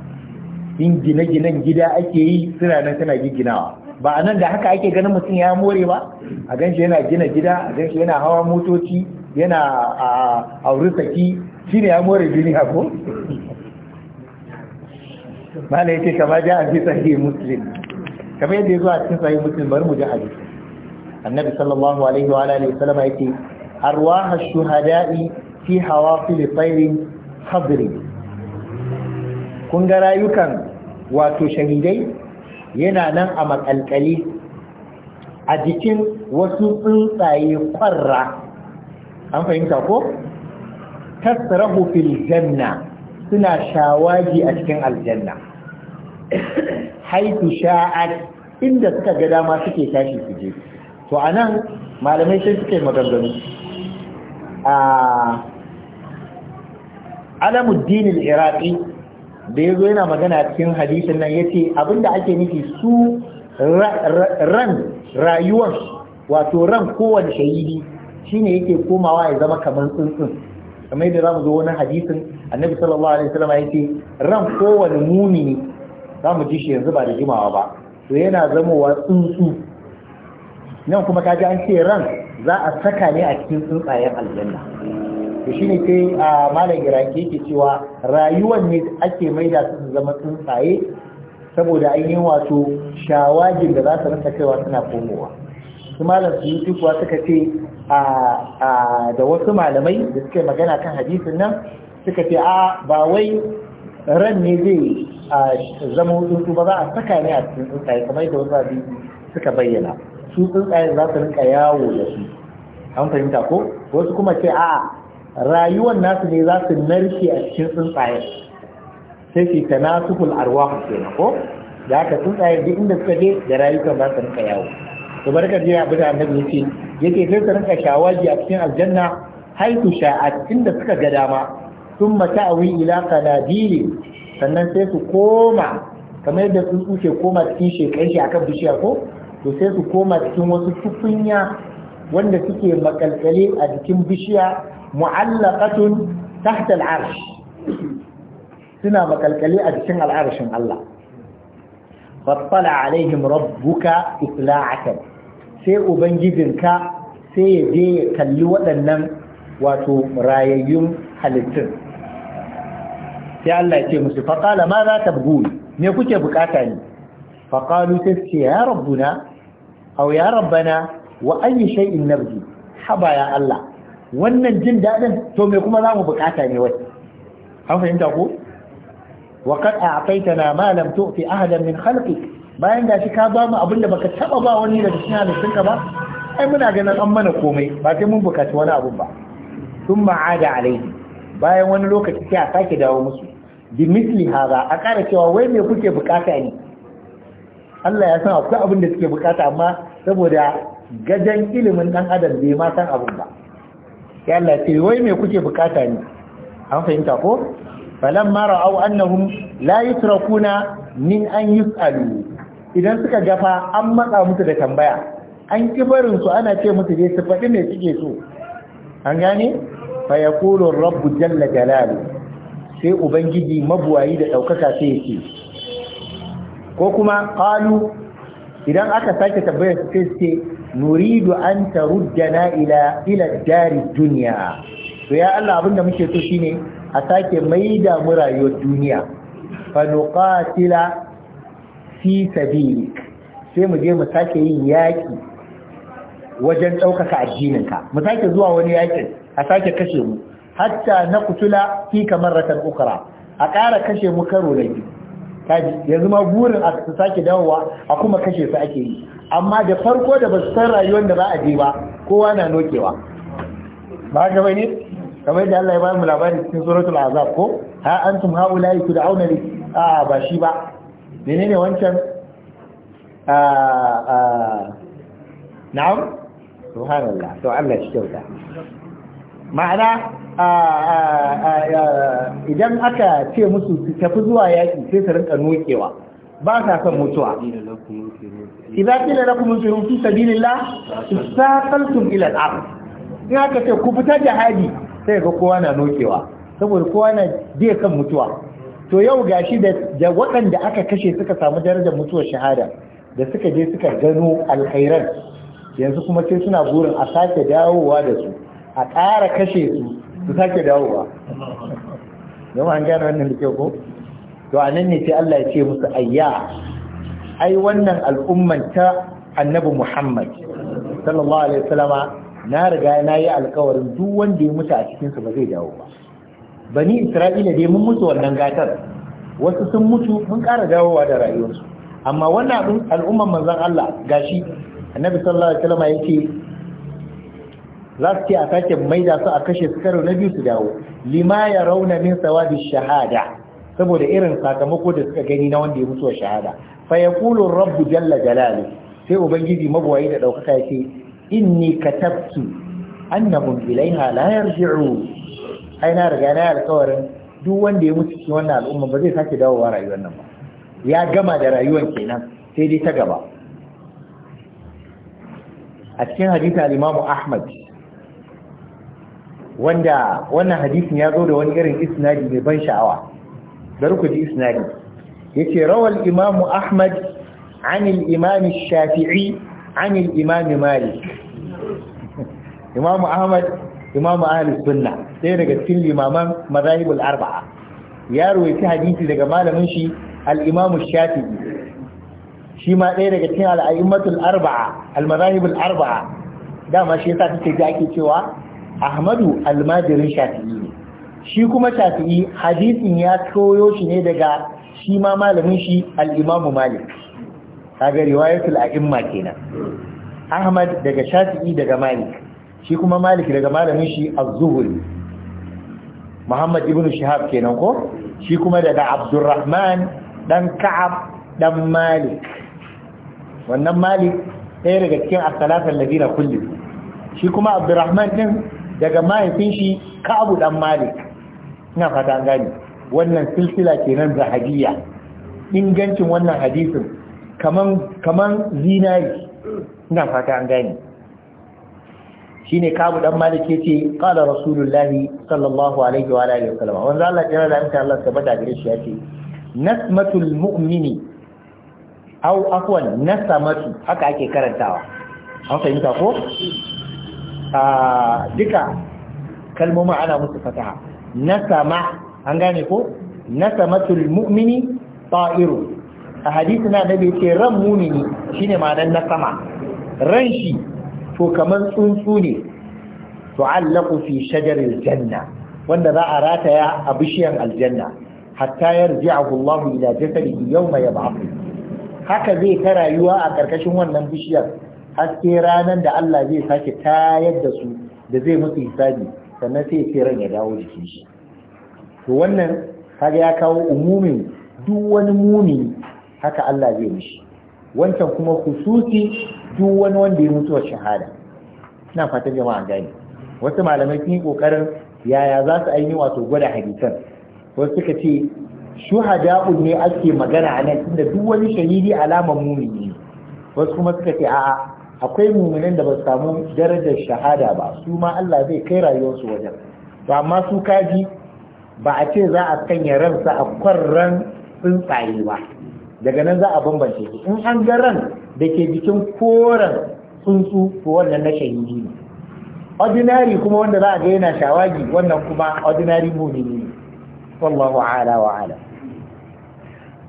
in gine-ginen gida ake yi suna nan suna giginawa ba a nan da haka ake ganin mutum ya more ba a gan shi yana gina gida a gan shi yana hawa motoci yana a auri saki shi ne ya more duniya ko mala yake kama ja a fi sahih muslim kama yadda ya zo a cikin sahih muslim bari mu ji hadisi annabi sallallahu alaihi wa alihi wasallam yake arwaha shuhada'i fi hawa filifarin hadri kun ga rayukan wato shahidai yana nan a makalkali a jikin wasu tsuntsaye ƙwarra, an fahimta ko tasrahu fil janna suna shawagi a cikin aljanna haitu sha'ad inda suka ga dama suke tashi su je to anan malamai sai suke maganganu a ah, alamuddin dinin da da zo yana magana cikin hadisin nan ya ce abinda ake nufi su ran rayuwar wato ran kowane shahidi shine yake komawa ya zama kamar tsuntsun kamar yadda za mu zo wani hadisin annabi sallallahu alaihi wasallam ce ran kowane za mu ji shi yanzu ba da jimawa ba to yana zamowa tsuntsu nan kuma kaji an ce ran za a saka ne a cikin tsuntsayen aljanna to ne sai a malam iraki yake cewa rayuwar ne ake maida su su zama tsuntsaye saboda an yi wato shawagin da za su rinka kaiwa suna komowa su malam su kuwa suka ce da wasu malamai da suka magana kan hadisin nan suka ce a ba wai ran ne zai zama tsuntsu ba za a saka ne a cikin tsuntsaye kamar yadda wasu abin suka bayyana su tsuntsaye za su rinka yawo da su an fahimta ko wasu kuma ce a Rayuwar nasu ne za su narke a cikin tsuntsayen sai su ta nasukul arwa ke ko da aka tsuntsayen duk inda suka je da rayukan za su rinka yawo to barkar jiya abu da annabi yake yake sai su rinka shawagi a cikin aljanna a cikin da suka ga dama sun a ilaka na kanadiri sannan sai su koma kamar yadda tsuntsu ke koma cikin shekai shi akan bishiya ko to sai su koma cikin wasu tukunya wanda suke makalkale a jikin bishiya mu'allaqatun tahta al'arsh suna makalkali a cikin al'arshin Allah fattala alaihim rabbuka itla'atan sai ubangijinka sai ya je ya kalli waɗannan wato rayayyun halittun sai Allah ya ce musu faqala ma za ta bugu me kuke bukata ne faqalu sai ya rabbuna aw ya rabbana wa ayi shay'in nabji haba ya Allah wannan jin daɗin to me kuma za mu bukata ne wai an fahimta ko wa a'taita na ma lam tu'ti ahadan min khalqi bayan da shi ka ba mu abin da baka taba ba wani daga cikin halittunka ba ai muna ganin an mana komai ba sai mun bukaci wani abu ba thumma ada alayhi bayan wani lokaci sai a sake dawo musu bi misli hada a ƙara cewa wai me kuke bukata ne Allah ya san akwai abin da suke bukata amma saboda gajen ilimin dan adam bai ma san abin ba ya ce wai me kuke bukata ne an fahimta ko falan mara au annahum la yutrakuna min an yusalu idan suka gafa an matsa musu da tambaya an kibarin su ana ce musu dai su faɗi me suke so an gane fa yaqulu rabbu jalla jalalu sai ubangiji mabuwayi da daukaka sai yake ko kuma qalu idan aka sake tabbaya sai ce nuridu an taruddana ila ila dari duniya to ya Allah abinda muke so shine a sake maida mu rayuwar duniya fa nuqatila fi sabilik sai mu je mu sake yin yaki wajen ɗaukaka addininka mu sake zuwa wani yakin a sake kashe mu hatta na kutula fi kamar ratan ukra a ƙara kashe mu karo na biyu kaji yanzu ma burin a su sake dawowa a kuma kashe su ake yi amma da farko da ba su san rayuwar da za a je ba kowa na nokewa ba ga bane kamar da Allah ya ba mu labarin cikin suratul azab ko ha antum haula'i tud'auna li a ba shi ba menene wancan a a na'am subhanallah to Allah shi kyauta ma'ana idan aka ce musu su tafi zuwa yaƙi sai su rinka nokewa ba sa son mutuwa idza qila lakum infiru fi sabilillah istaqaltum ila al in aka ce ku fita hadi sai ga kowa na nokewa saboda kowa na biya kan mutuwa to yau gashi da waɗanda aka kashe suka samu darajar mutuwar shahada da suka je suka gano alkhairan yanzu kuma sai suna burin a sake dawowa da su a ƙara kashe su su sake dawowa yau an gane wannan da ke ko to a nan ne sai Allah ya ce musu ayya ai wannan al'umman ta annabi Muhammad sallallahu alaihi wasallama na riga na yi alkawarin duk wanda ya mutu a cikin su ba zai dawo ba bani Isra'ila dai mun mutu wannan gatar wasu sun mutu mun ƙara dawowa da rayuwarsu amma wannan abin al'umman manzon Allah gashi annabi sallallahu alaihi wasallama yake za su ce a sake maida su a kashe su karo na biyu su dawo limaya ya rauna min sawabi shahada saboda irin sakamako da suka gani na wanda ya mutu shahada fa yaqulu rabbu jalla jalali sai ubangiji magwayi da ya ce, inni katabtu annahum ilaiha la yarji'u ai na riga na alƙawarin duk wanda ya mutu cikin wannan al'umma ba zai sake dawowa rayuwar nan ba ya gama da rayuwar kenan sai dai ta gaba a cikin hadisi al-Imam Ahmad wanda wannan hadisin ya zo da wani irin isnadi mai ban sha'awa bari ku isnadi yace rawal imamu ahmad an al-imam shafi'i an imam malik imamu ahmad imamu ahli sunna sai daga cikin limaman mazahibul arba'a ya rawaiti hadisi daga malamin shi al-imam shafi'i shi ma ɗaya daga cikin al'a'immatul arba'a al-mazahibul arba'a dama shi yasa take ji ake cewa ahmadu almajirin shafi'i ne shi kuma shafi'i hadisin ya koyo shi ne daga shi ma malamin shi al'imamu malik kaga riwayatul a'imma kenan ahmad daga shafi'i daga malik shi kuma malik daga malamin shi az-zuhri muhammad ibn shihab kenan ko shi kuma daga abdurrahman dan ka'ab dan malik wannan malik ɗaya daga cikin as-salatan ladina kullu shi kuma abdurrahman din daga mahaifin shi ka abu dan Malik ina fata an gane wannan silsila kenan hadiya ingancin wannan hadisin kaman kaman zinari ina fata an gane shine ka abu dan Malik yace qala Rasulullahi sallallahu alaihi wa alihi wasallam wanda Allah ya rada maka Allah bada gare shi yace nasmatul mu'mini au afwan nasamatu haka ake karantawa an fahimta ko duka kalmomin ana musu fataha nasama an gane ko nasamatul mu'mini ta'iru a hadisi na nabi ce ran mumini shine ma'anar sama. ran shi to kamar tsuntsu ne allaku fi shajaril janna wanda za a rataya a bishiyan aljanna hatta yarji'ahu Allah ila jasadihi yawma yab'ath haka zai ta rayuwa a karkashin wannan bishiyar haske ranar da Allah zai sake tayar da su da zai musu hisabi sannan sai ce ran ya dawo jikin shi to wannan kaga ya kawo umumin duk wani mumini haka Allah zai mishi wancan kuma hususi duk wani wanda ya mutuwar shahada ina fatan jama'a gani wasu malamai sun yi kokarin yaya za su ainihi wato gwada hadisan wasu suka ce shuhada'un ne ake magana a nan inda duk wani shahidi alaman ne, wasu kuma suka ce a'a akwai muminan da ba su samu darajar shahada ba su ma Allah zai kai rayuwarsu wajen to amma su kaji ba a ce za a sanya ransa a kwarran tsuntsaye ba daga nan za a bambance su in an ga ran da ke jikin koren tsuntsu to wannan na shahidi ne ordinary kuma wanda za a ga yana shawagi wannan kuma ordinary mumini ne wallahu ala wa ala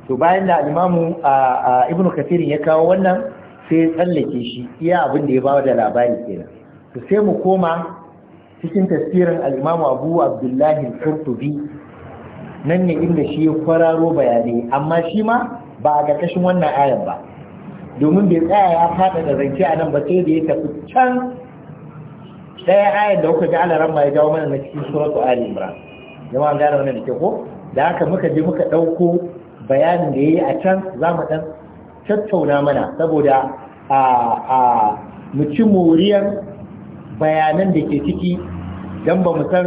to bayan da alimamu imamu ibnu kathir ya kawo wannan sai tsallake shi iya abin da ya bawa da labari kenan to sai mu koma cikin tasirin al-Imam Abu Abdullah al-Qurtubi nan ne inda shi ya kwararo bayanai amma shi ma ba a ƙarƙashin wannan ayan ba domin bai tsaya ya fada da zance a nan ba sai da ya tafi can ɗaya ayan da kuka ga alaran ma ya dawo mana na cikin suratu Ali Imran jama'a gane wannan da ke ko da haka muka je muka ɗauko bayanin da ya yi a can za mu ɗan tattauna mana saboda a mu ci moriyar bayanan da ke ciki don ba mu san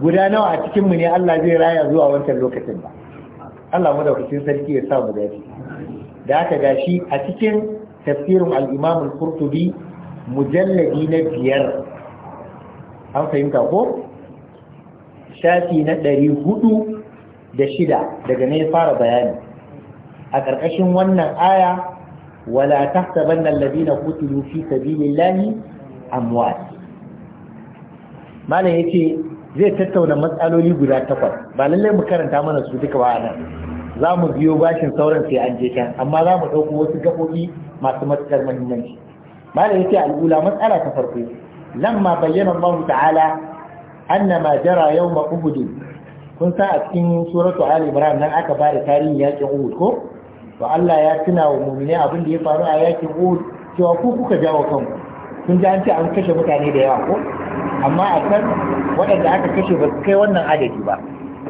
guda nawa a cikinmu ne Allah zai raya zuwa wancan lokacin ba Allah madaukakin sarki ya sa mu dace da aka gashi a cikin tafsirin al-Imam al-Qurtubi mujalladi na biyar an fahimta ko shafi na ɗari hudu da shida daga ne fara bayani a ƙarƙashin wannan aya wala tahsabanna alladhina qutilu fi sabilillahi amwat malam yace zai tattauna matsaloli guda takwas ba lallai mu karanta mana su duka ba nan za mu biyo bashin sauran sai an je can amma za mu ɗauko wasu gaɓoɓi masu matuƙar muhimmanci malam yace al'ula matsala ta farko lamma bayyana Allah ta'ala anna ma jara yawma uhud kun sa a cikin suratu ali imran nan aka bada tarihin yakin uhud ko to Allah ya tuna wa mu'mini abin da ya faru a yakin Uhud cewa ku kuka jawo kanku kun ji an ce an kashe mutane da yawa ko amma a kan waɗanda aka kashe ba su kai wannan adadi ba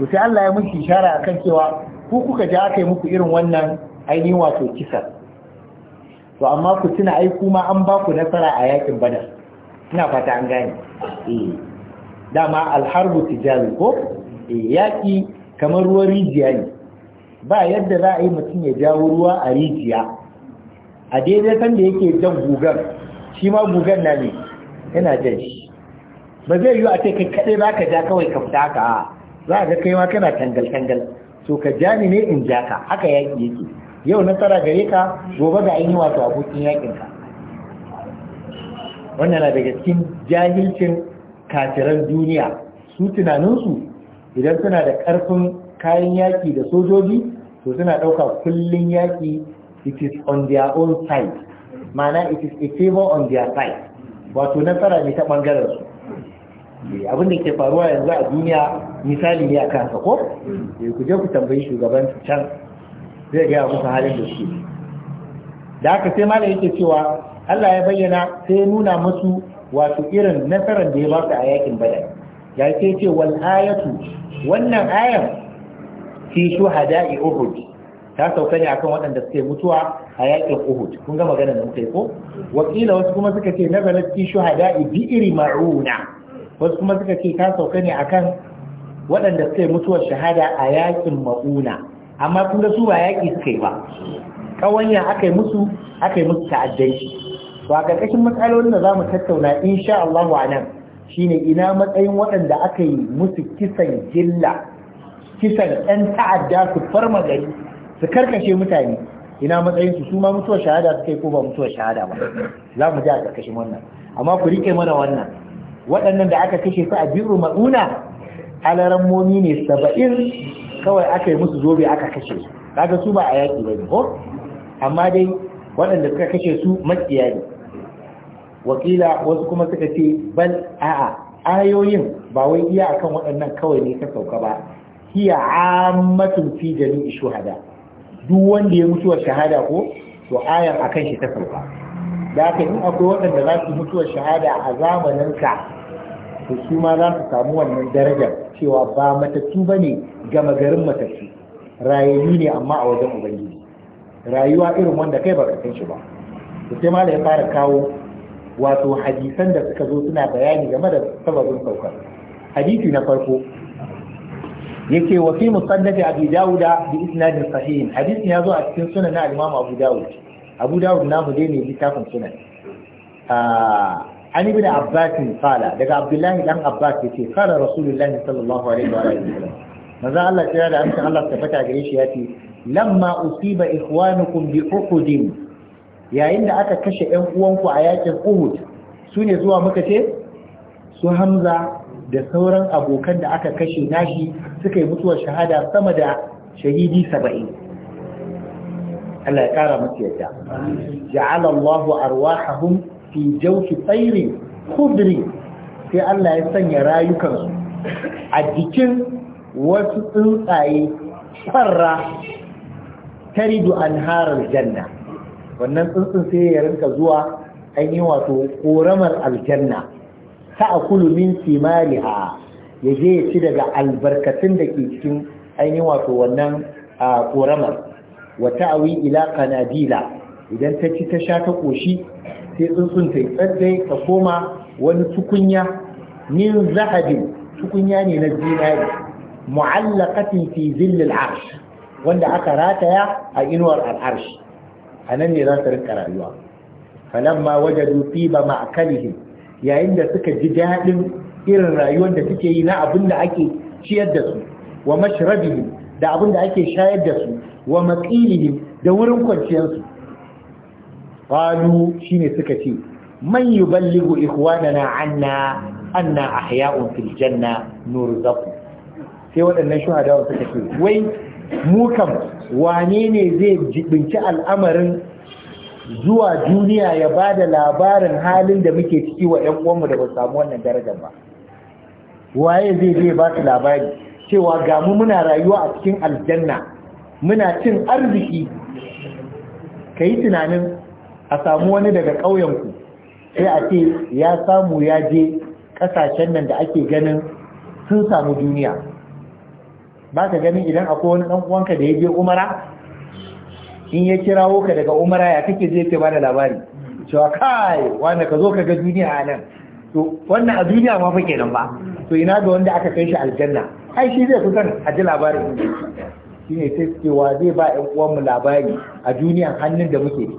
to sai Allah ya miki ishara akan cewa ku kuka ja aka yi muku irin wannan ainihin wato kisa to amma ku tuna ai kuma an ba ku nasara a yakin badar ina fata an gane eh dama alharbu tijalu ko eh, yaki kamar ruwan rijiya ne ba yadda za a yi mutum ya jawo ruwa a rijiya a daidai sanda yake jan gugar shi ma gugan na ne yana jan shi ba zai yiwu a ce kai kaɗai za ka ja kawai ka fita ka? za a ga kai ma kana tangal-tangal to ka ja ne in ja ka haka yaƙi yake yau nasara gare ka gobe ga an yi wato abokin yaƙin ka wannan na daga cikin jahilcin kafiran duniya su tunaninsu idan suna da ƙarfin kayan yaki da sojoji to suna ɗauka kullun yaki it is on their own side mana it is a favor on their side wato nasara ne ta bangaren su eh, abin da ke faruwa yanzu a duniya misali ne a kansa ko eh, ku je ku tambayi shugaban can zai gaya musu halin da shi. da haka sai malam yake cewa Allah ya bayyana sai ya nuna musu wato irin nasarar da ya ba su a yakin bada ya ce ce wal ayatu wannan ayan fi shuhada'i uhud ta sauka ne akan waɗanda suke mutuwa a yakin uhud kun ga maganar nan kai yi ko wakila wasu kuma suka ce nazalat fi shuhada'i bi iri ma'una wasu kuma suka ce ta sauka ne akan waɗanda suke mutuwar shahada a yakin ma'una amma kun ga su ba yaki suka yi ba kawanya aka yi musu aka yi musu ta'addanci to a ƙarƙashin matsalolin da za mu tattauna insha Allah wa nan shine ina matsayin waɗanda aka yi musu kisan jilla kisan ɗan ta'adda su farma gari su karkashe mutane ina matsayinsu su ma mutuwar shahada suka yi ko ba mutuwar shahada ba za mu ji a karkashin wannan amma ku riƙe mana wannan waɗannan da aka kashe su a biru ma'una alaran momi ne saba'in kawai aka yi musu zobe aka kashe su kaga su ba a yaƙi ba ne ko amma dai waɗanda suka kashe su makiya ne wakila wasu kuma suka ce bal a'a ayoyin ba wai iya akan waɗannan kawai ne ka sauka ba hiya ammatun fi jami'i shuhada duk wanda ya mutuwar shahada ko to ayar akan shi ta sauka da haka in akwai waɗanda za su mutuwar shahada a zamanin ka to su ma za su samu wannan darajar cewa ba matattu ba ne gama garin matattu rayayyu ne amma a wajen ubangiji rayuwa irin wanda kai ba san shi ba to sai ma ya fara kawo wato hadisan da suka zo suna bayani game da sababin saukar hadisi na farko yake wa fi musannad abi dauda bi isnadin sahih hadisin ya zo a cikin sunan na imam abu Dawud. abu Dawud namu dai ne littafin sunan ah, an ibn abbas qala daga abdullahi dan abbas yace qala rasulullahi sallallahu alaihi wa alihi wasallam manzo Allah ya da amsa Allah tabbata gare shi yace lamma usiba ikhwanukum bi uhud yayin da aka kashe ƴan uwanku a yakin uhud sune zuwa muka ce su hamza da sauran abokan da aka kashe nashi suka yi mutuwar shahada sama da shahidi saba'in Allah ya kara musu yadda ja'ala Allahu arwahahum fi jawfi sai Allah ya sanya rayukansu a jikin wasu tsuntsaye farra taridu anharar janna wannan tsuntsun sai ya rinka zuwa an yi wato ƙoramar aljanna ta'kulu min simariha ya je ya ci daga albarkatun da ke cikin ainihin wato wannan ƙoramar wa ta'awi ila kanadila idan ta ci ta sha ta koshi sai tsuntsun ta tsaddai ta koma wani tukunya min zahabin tukunya ne na zinari mu'allaqatin fi zillil arsh wanda aka rataya a inuwar A nan ne za ta rinka rayuwa falamma wajadu tiba ma'kalihim yayin da suka ji daɗin irin rayuwar da suke yi na abin da ake ciyar da su wa mashrabihi, da abin da ake shayar da su wa maqilihim da wurin kwanciyar su qalu shine suka ce man yuballighu ikhwanana anna anna ahya'un fil janna nurzaqu sai waɗannan shuhada suka ce wai mu kam wane ne zai jibinci al'amarin zuwa duniya ya ba da labarin halin da muke ciki wa ‘yan uwanmu da ba samu wannan darajar ba waye zai je ba su labari cewa ga mu muna rayuwa a cikin aljanna muna cin arziki ka yi tunanin a samu wani daga ƙauyenku sai a ce ya samu ya je ƙasashen nan da ake ganin sun samu duniya ba ka ganin idan akwai wani ɗan uwanka da ya je umara in ya kirawo ka daga umara ya kake zai ke bada labari cewa kai wanda ka zo ka ga duniya a nan to wannan a duniya ma fa nan ba to ina ga wanda aka kai shi aljanna ai shi zai kusan a ji labarin shi ne sai wa zai ba ƴan uwanmu labari a duniya hannun da muke ciki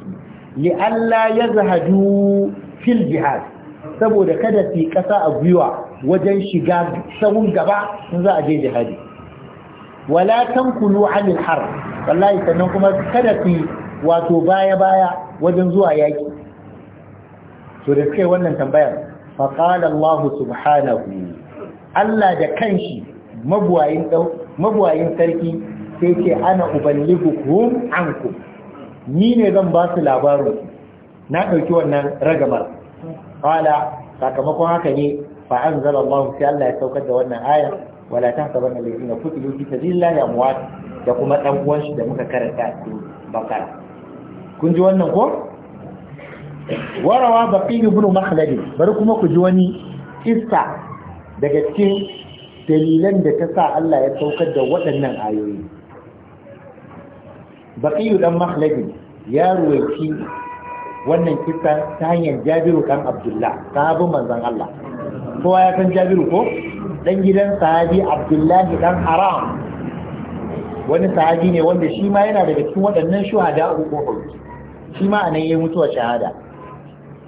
li Allah ya zahadu fil jihad saboda kada su kasa a gwiwa wajen shiga sahun gaba sun za a je jihadi wala tankulu anil har wallahi sannan kuma kada ku wato baya baya wajen zuwa yaki to da yi wannan tambayar fa qala Allah subhanahu Allah da kanshi mabuwayin mabuwayin sarki sai ce ana uballighukum ankum ni ne zan ba su na dauki wannan ragamar qala sakamakon haka ne fa anzala Allah sai Allah ya saukar da wannan aya wala ta saba na laifin na kuɗi yau ta zilla ya muwa da kuma ɗan uwan shi da muka karanta su ba bakara kun ji wannan ko warawa fi ibnu makhlad bari kuma ku ji wani kissa daga cikin dalilan da ta sa Allah ya saukar da waɗannan ayoyi baqi dan makhlad ya ruwaki wannan kissa ta hanyar Jabiru kan Abdullah sabon manzon Allah kowa ya san Jabiru ko dan gidan sahabi abdullahi dan haram wani sahabi ne wanda shi ma yana daga cikin waɗannan shuhada a uhud shi ma anan yayi mutuwa shahada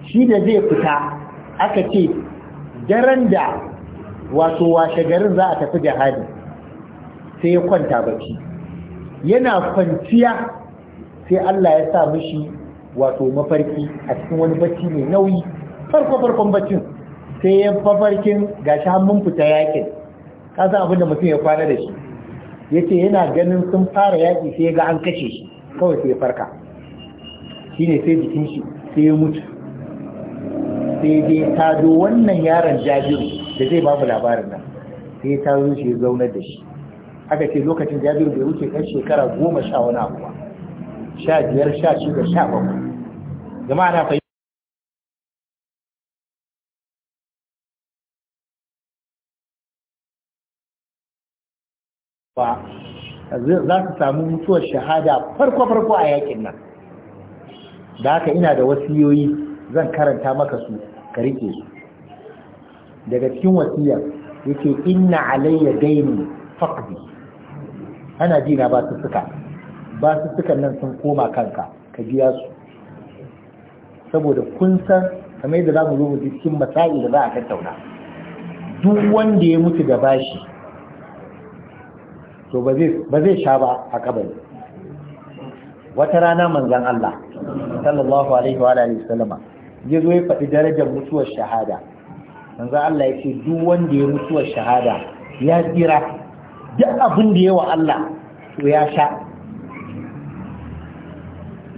shi da zai fita aka ce daren da wato washe garin za a tafi jihadi sai ya kwanta bacci yana kwanciya sai Allah ya sa mishi wato mafarki a cikin wani bacci mai nauyi farko farkon baccin sai ya fafarkin gashi har fita yakin ka abinda mutum ya kwana da shi yace yana ganin sun fara yaki sai ga an kashe shi kawai sai ya farka shine sai jikin shi sai ya mutu sai dai tado wannan yaron jabiru da zai ba mu labarin nan sai ya tado shi ya zaunar da shi aka ce lokacin jabiru bai wuce kan shekara goma sha wani abu ba sha biyar sha shida sha bakwai jama'a na fahimta ba za su samu mutuwar shahada farko-farko a yakin nan da haka ina da wasiyoyi zan karanta maka su ka rike su daga cikin wasiyar yake inna alayya daini faqdi ana jina ba su suka ba su suka nan sun koma kanka ka biya su saboda kun san kamar yadda za mu zo mu cikin masai da za a tattauna duk wanda ya mutu da bashi to ba zai sha ba a kabari wata rana manzan Allah sallallahu alaihi wa alihi sallama ya zo ya faɗi darajar mutuwar shahada manzan Allah ya ce duk wanda ya mutuwar shahada ya tsira duk abin da yawa Allah to ya sha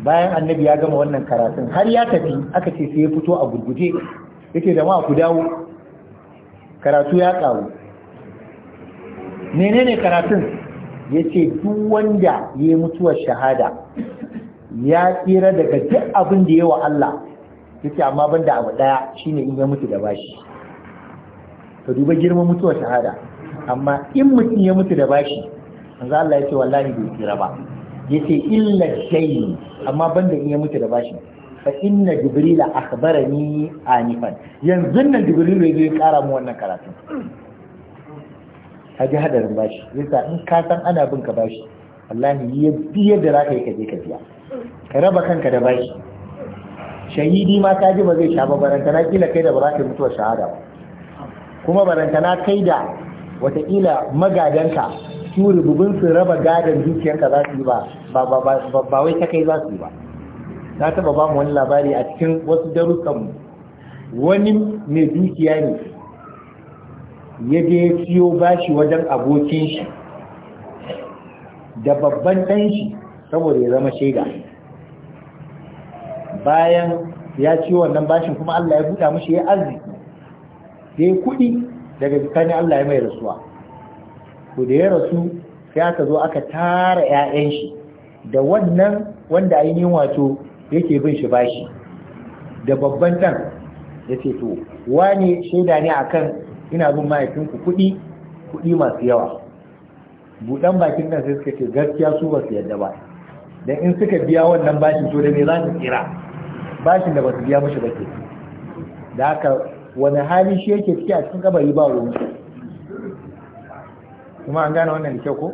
bayan annabi ya gama wannan karatun har ya tafi aka ce sai ya fito a gurguje yake da ma ku dawo karatu ya ƙaru. menene karatun ya ce duk wanda ya mutuwar shahada ya tsira daga duk abin da wa Allah ya ce amma banda abu daya shine in ya mutu da bashi ka duba girman mutuwar shahada amma in mutum ya mutu da bashi manzo Allah ya ce wallahi bai tsira ba yace illa shay'i amma banda in ya mutu da bashi fa inna jibrila akhbarani anifan yanzu nan jibrilu ya zo ya kara mu wannan karatu ka ji hadarin bashi sa in ka san ana bin ka bashi wallahi ya biye da ka yi kaje ka biya ka raba kanka da bashi shahidi ma ka ji ba zai sha ba barantana kila kai da ba za ka shahada ba kuma barantana kai da wataƙila magadanka su rububin su raba gadon dukiyarka za su yi ba ba wai ta kai za su yi ba na taba ba mu wani labari a cikin wasu darussanmu wani mai dukiya ne ya je ya siyo bashi wajen abokin shi da babban ɗan shi saboda ya zama shaida bayan ya ci wannan bashin kuma Allah ya buɗa mashi ya arziki ya kuɗi daga jikani Allah ya mai rasuwa ku da ya rasu sai aka zo aka tara 'ya'yan shi da wannan wanda ainihin wato yake bin shi bashi da babban ɗan ya ce to wani shaida ne akan ina bin mahaifinku kuɗi kuɗi masu yawa buɗan bakin nan sai suka ce gaskiya su ba su yadda ba dan in suka biya wannan bashin to da me za su tsira bashin da ba su biya mishi ba ke da haka wani hali shi yake ciki a cikin kabari ba wani kuma an gane wannan kyau ko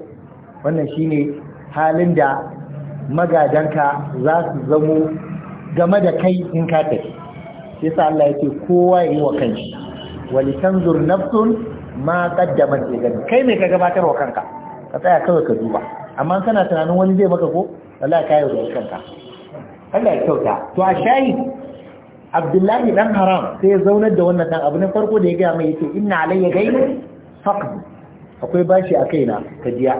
wannan shine halin da magadanka za su zamo game da kai in ka tafi sai sa Allah yake kowa yi wa kanshi walitanzur nafsun ma qaddamat li gani. kai me ka gabatarwa kanka ka tsaya kawai ka duba amma kana tunanin wani zai maka ko wallahi ka yi wa kanka Allah ya kyauta to a shayi Abdullahi dan haram sai ya zaunar da wannan dan abu na farko da ya ga mai yace inna alayya gaibi faqd akwai bashi a kaina ka jiya.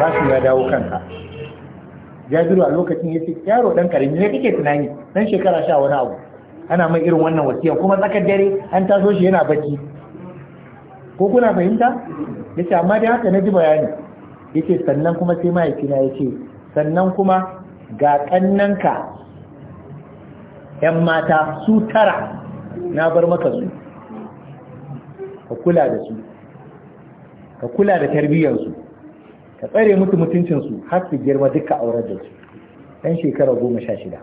bashi ya dawo kanka Jabiru a lokacin yace yaro dan karimi ne kake tunani dan shekara sha wani abu ana mai irin wannan wasiya kuma tsakar dare an taso shi yana bacci ko kuna fahimta yace amma dai haka na ji bayani yace sannan kuma sai mahaifina yace sannan kuma ga kannanka yan mata su tara na bar maka su ka kula da su ka kula da tarbiyyarsu ka tsare musu mutuncinsu har su girma duka auren da su ɗan shekara goma sha shida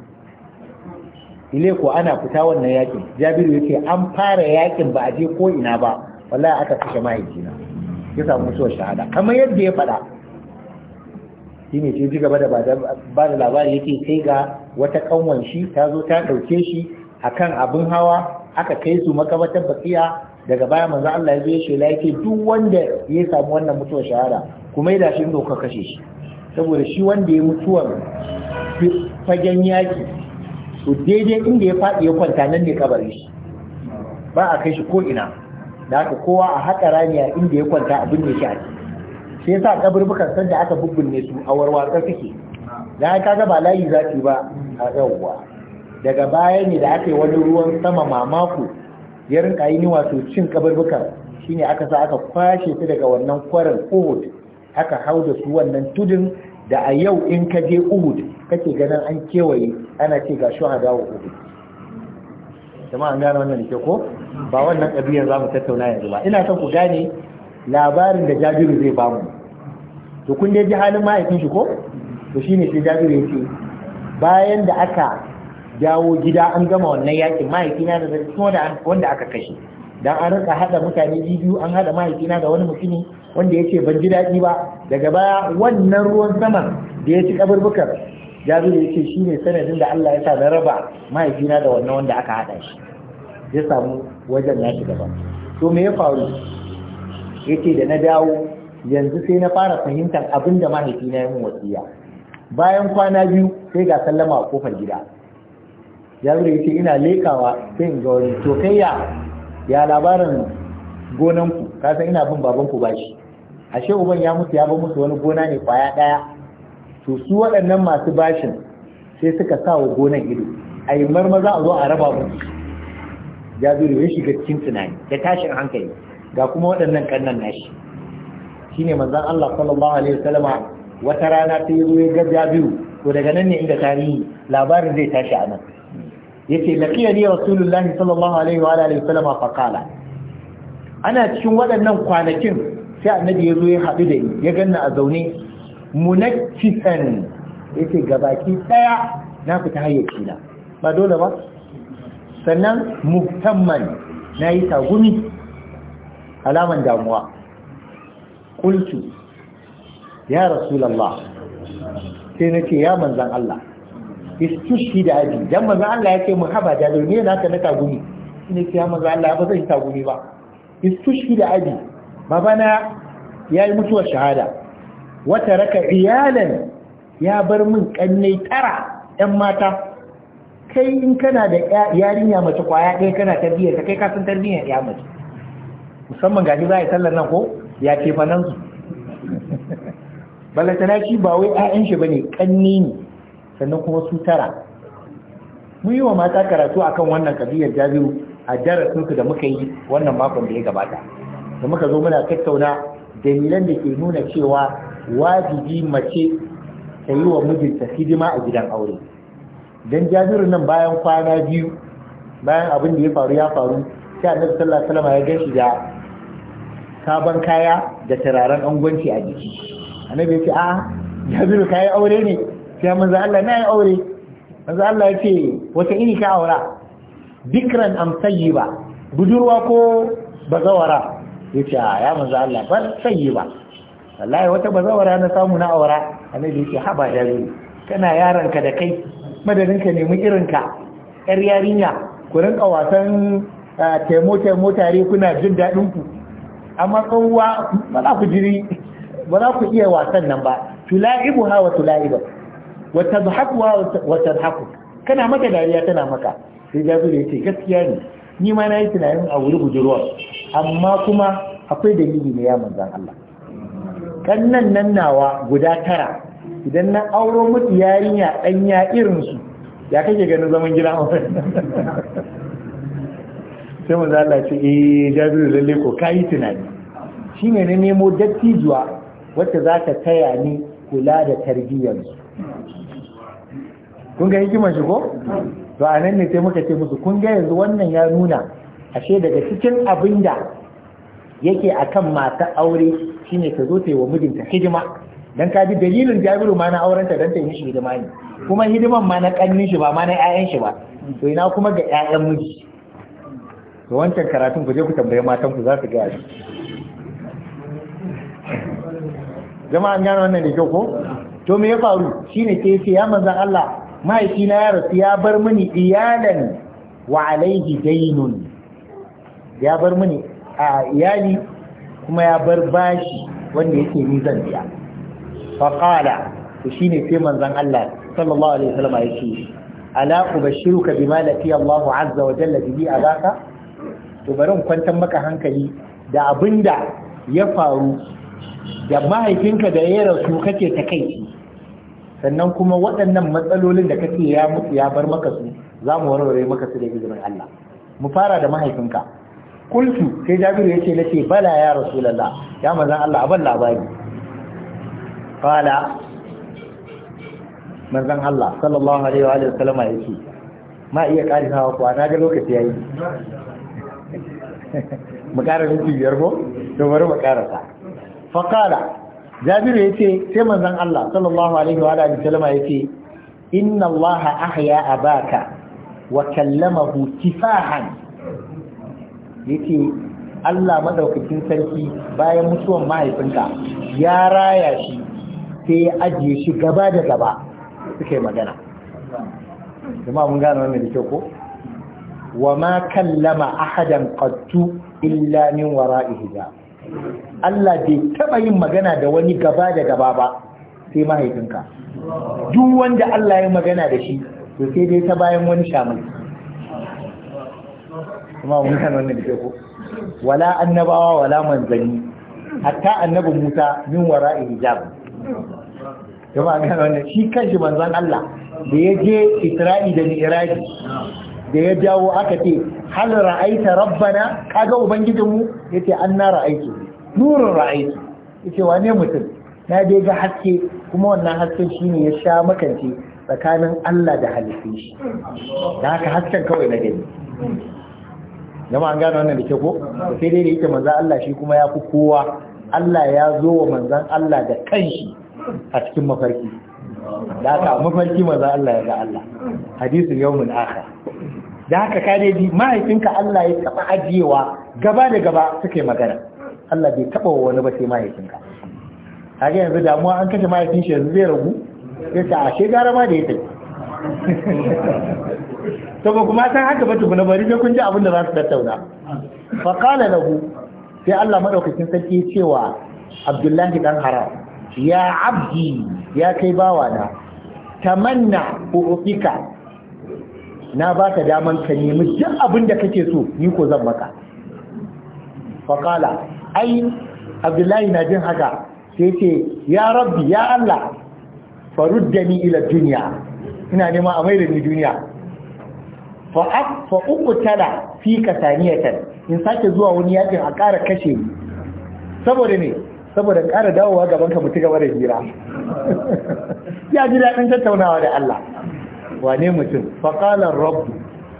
ile ko ana fita wannan yakin jabiru yake an fara yakin ba a je ko ina ba wallahi aka kashe mahaifina ya samu mutuwar shahada kamar yadda ya faɗa shi ne ce gaba da ba da labari yake kai ga wata kanwan shi ta zo ta ɗauke shi akan abin hawa aka kai su makabatar bakiya daga baya manzo Allah ya zo ya shela yake duk wanda ya samu wannan mutuwar shahada kuma ya shi inda kuka kashe shi saboda shi wanda ya mutuwar fagen yaki to daidai inda ya faɗi ya kwanta nan ne kabari shi ba a kai shi ko ina da aka kowa a haɗa raniya inda ya kwanta abin ne shi a sai yasa bukan san da aka bubbunne su a warwatsa suke da aka ga ba layi zafi ba a yawwa daga baya ne da aka yi wani ruwan sama mamako ya rinka yi wato cin bukan shine aka sa aka kwashe su daga wannan kwarin kohot aka hau da su wannan tudun da a yau in ka je uhud kake ganin an kewaye ana ce ga shuhada wa uhud kuma an gane wannan ke ko ba wannan kabiyar za mu tattauna yanzu ba ina son ku gane labarin da jabiru zai bamu to kun dai ji halin mahaifin shi ko to shine sai jabiru ya ce bayan da aka dawo gida an gama wannan yakin mahaifina da zai da wanda aka kashe dan an rika hada mutane biyu an hada mahaifina da wani mutumi wanda ya ce ban ji daɗi ba daga baya wannan ruwan saman da ya ci kaburbukar jabiru ya ce shine sanadin da Allah ya sa na raba mahaifina da wannan wanda aka haɗa shi ya samu wajen ya shiga ba to me ya faru ya ce da na dawo yanzu sai na fara fahimtar abin da mahaifina ya min wasiya bayan kwana biyu sai ga sallama a kofar gida jabiru ya ce ina lekawa sai in ga wani to kai ya ya labarin gonanku kasan ina bin babanku bashi ashe uban ya mutu ya bar musu wani gona ne kwaya ɗaya to su waɗannan masu bashin sai suka sa wa gonan ido a yi marmaza a zo a raba musu jabiru ya shiga cikin tunani da tashin hankali ga kuma waɗannan kannan nashi shine manzon Allah sallallahu alaihi wasallama wata rana ta yi ruwa ga jabiru to daga nan ne inda tarihi labarin zai tashi a nan yace laqiya ni rasulullahi sallallahu alaihi wa alihi wasallama faqala ana cikin waɗannan kwanakin sai annabi ya zo ya haɗu da ni ya ganna a zaune munakkisan ya ce gabaki ɗaya na fita hayyaci na ba dole ba sannan muhtamman na yi tagumi alaman damuwa kultu ya rasulallah sai na ce ya manzan Allah istushi da aji dan manzan Allah ya ce mu haba da ne na ka na tagumi ina ce ya manzan Allah ba zai tagumi ba istushi da aji babana ya yi mutuwar shahada wata raka iyalan ya bar min kannai tara ‘yan mata kai in kana da yarinya mace kwaya ɗaya kana tarbiyyar ta kai kasan tarbiyyar ya mace musamman gaji za a yi sallar nan ko ya ce fa nan su na shi ba wai ‘ya'yan shi ba ne ƙanni ne sannan kuma su tara mun yi wa mata karatu akan wannan kabiyar jabiru a darasinsu da muka yi wannan makon da ya gabata da muka zo muna tattauna dalilan da ke nuna cewa wajibi mace ta yi wa mijinta hidima a gidan aure Don jajirin nan bayan kwana biyu bayan abin da ya faru ya faru sai annabi sallallahu alaihi wasallam ya gashi da sabon kaya da turaren angwanci a jiki annabi ya ce a jabiru kayan aure ne sai manzo Allah na yi aure manzo Allah ya ce wata iri ka aura bikran am ba, budurwa ko bazawara yace ya manzo Allah ban yi ba wallahi wata bazawara na samu na aura annabi yace da ruwa kana yaranka da kai madadin ka nemi irinka yar yarinya ku rinka wasan taimo taimo tare kuna jin dadin ku amma tsohuwa ba za ku jiri ba za ku iya wasan nan ba ha wa tula'iba wa tadhakuha wa tadhaku kana maka dariya tana maka sai jabiru yace gaskiya ne ni ma nayi tunanin a wuri budurwa amma kuma akwai dalili ne ya manzan Allah kannan nan nawa guda tara idan na auro mutu yarinya ɗanya irinsu ya kake ganin zaman gida aure sai mu Allah ce eh Jabiru lalle ko yi tunani Shi ne na nemo dattijuwa wacce za ta taya ni kula da tarbiyyarsu? kun ga hikimar shi ko to nan ne sai muka ce musu kun ga yanzu wannan ya nuna ashe daga cikin abin da yake akan mata aure shine ta zo ta yi wa mijinta hidima don ka ji dalilin jabiru ma na aurenta don ta yi mishi hidima ne kuma hidiman ma na kannin shi ba ma na ƴaƴan shi ba to ina kuma ga ƴaƴan miji to wancan karatun ku je ku tambaye matan ku za su gaya jama'a an gane wannan da kyau ko to me ya faru shine ke ce ya manzan Allah mahaifina ya rasu ya bar mini iyalan wa alaihi dainun ya bar mini a iyali kuma ya bar bashi wanda yake ni zan biya fa qala to shine sai manzon Allah sallallahu alaihi wasallam yake ala ubashiruka bima lati allahu azza wa jalla bihi abaka to bari in kwantar maka hankali da abinda ya faru da mahaifinka da ya rasu kake ta kai sannan kuma waɗannan matsalolin da kake ya mutu ya bar maka su za mu warware maka su da izinin Allah mu fara da mahaifinka kultu sai jabiru ya ce nace bala ya rasulallah ya manzan Allah abin labari fala manzan Allah sallallahu alaihi wa alihi ya ce ma iya karisawa kuwa na ga lokaci yayi mu kara minti biyar ko to bari mu karasa fa qala jabiru yace sai manzon Allah sallallahu alaihi wa alihi wasallam yace inna Allah ahya abaka wa kallamahu tifahan yace Allah madaukakin sarki bayan mutuwan mahaifinka ya raya shi sai ya ajiye shi gaba da gaba suka yi magana Zama mun gano wannan da kyau ko wa ma kallama ahadan qattu illa min wara'i hijab Allah bai taɓa yin magana da wani gaba da gaba ba sai mahaifinka duk wanda Allah ya magana da shi to sai dai ta bayan wani shamaki kuma mun san wannan da ko wala annabawa wala manzanni hatta annabi Musa min wara'i hijab kuma an gano wannan shi kanshi manzon Allah da ya je Isra'i da Mi'raji da ya dawo aka ce hal ra'aita rabbana kaga ubangijinmu yace an na ra'aitu nurun ra'aitu yace wane mutum na je ga haske kuma wannan hasken shine ya sha makance tsakanin Allah da halifin shi da haka hasken kawai na gani zama an gane wannan da ke ko sai dai da yake manzan Allah shi kuma ya fi kowa Allah ya zo wa manzan Allah da kanshi a cikin mafarki da haka mafarki manzan Allah ya ga Allah yau mun aka, da haka kare bi mahaifinka Allah ya taba ajiyewa gaba da gaba suka yi magana Allah bai taba wani ba sai mahaifinka kaga yanzu damuwa an kashe mahaifin shi yanzu zai ragu ya ta ashe gara ma da ya tafi to ba kuma san haka ba tukuna bari sai kun ji abin da za su tattauna fa qala lahu sai Allah madaukakin sarki cewa Abdullahi dan Haram ya abdi ya kai bawa na tamanna u'tika na ba baka daman ka nemi duk abin da kake so ni ko zan maka fa qala ai Abdullahi na jin haka sai ce ya rabbi ya Allah faruddani ila duniya ina nema a mai da ni duniya fa uku tala fi kasaniyatan in sake zuwa wani yakin a ƙara kashe ni saboda ne saboda ƙara dawowa gaban ka mutu gaba da hira ya ji daɗin tattaunawa da Allah wane mutum fa qala rabb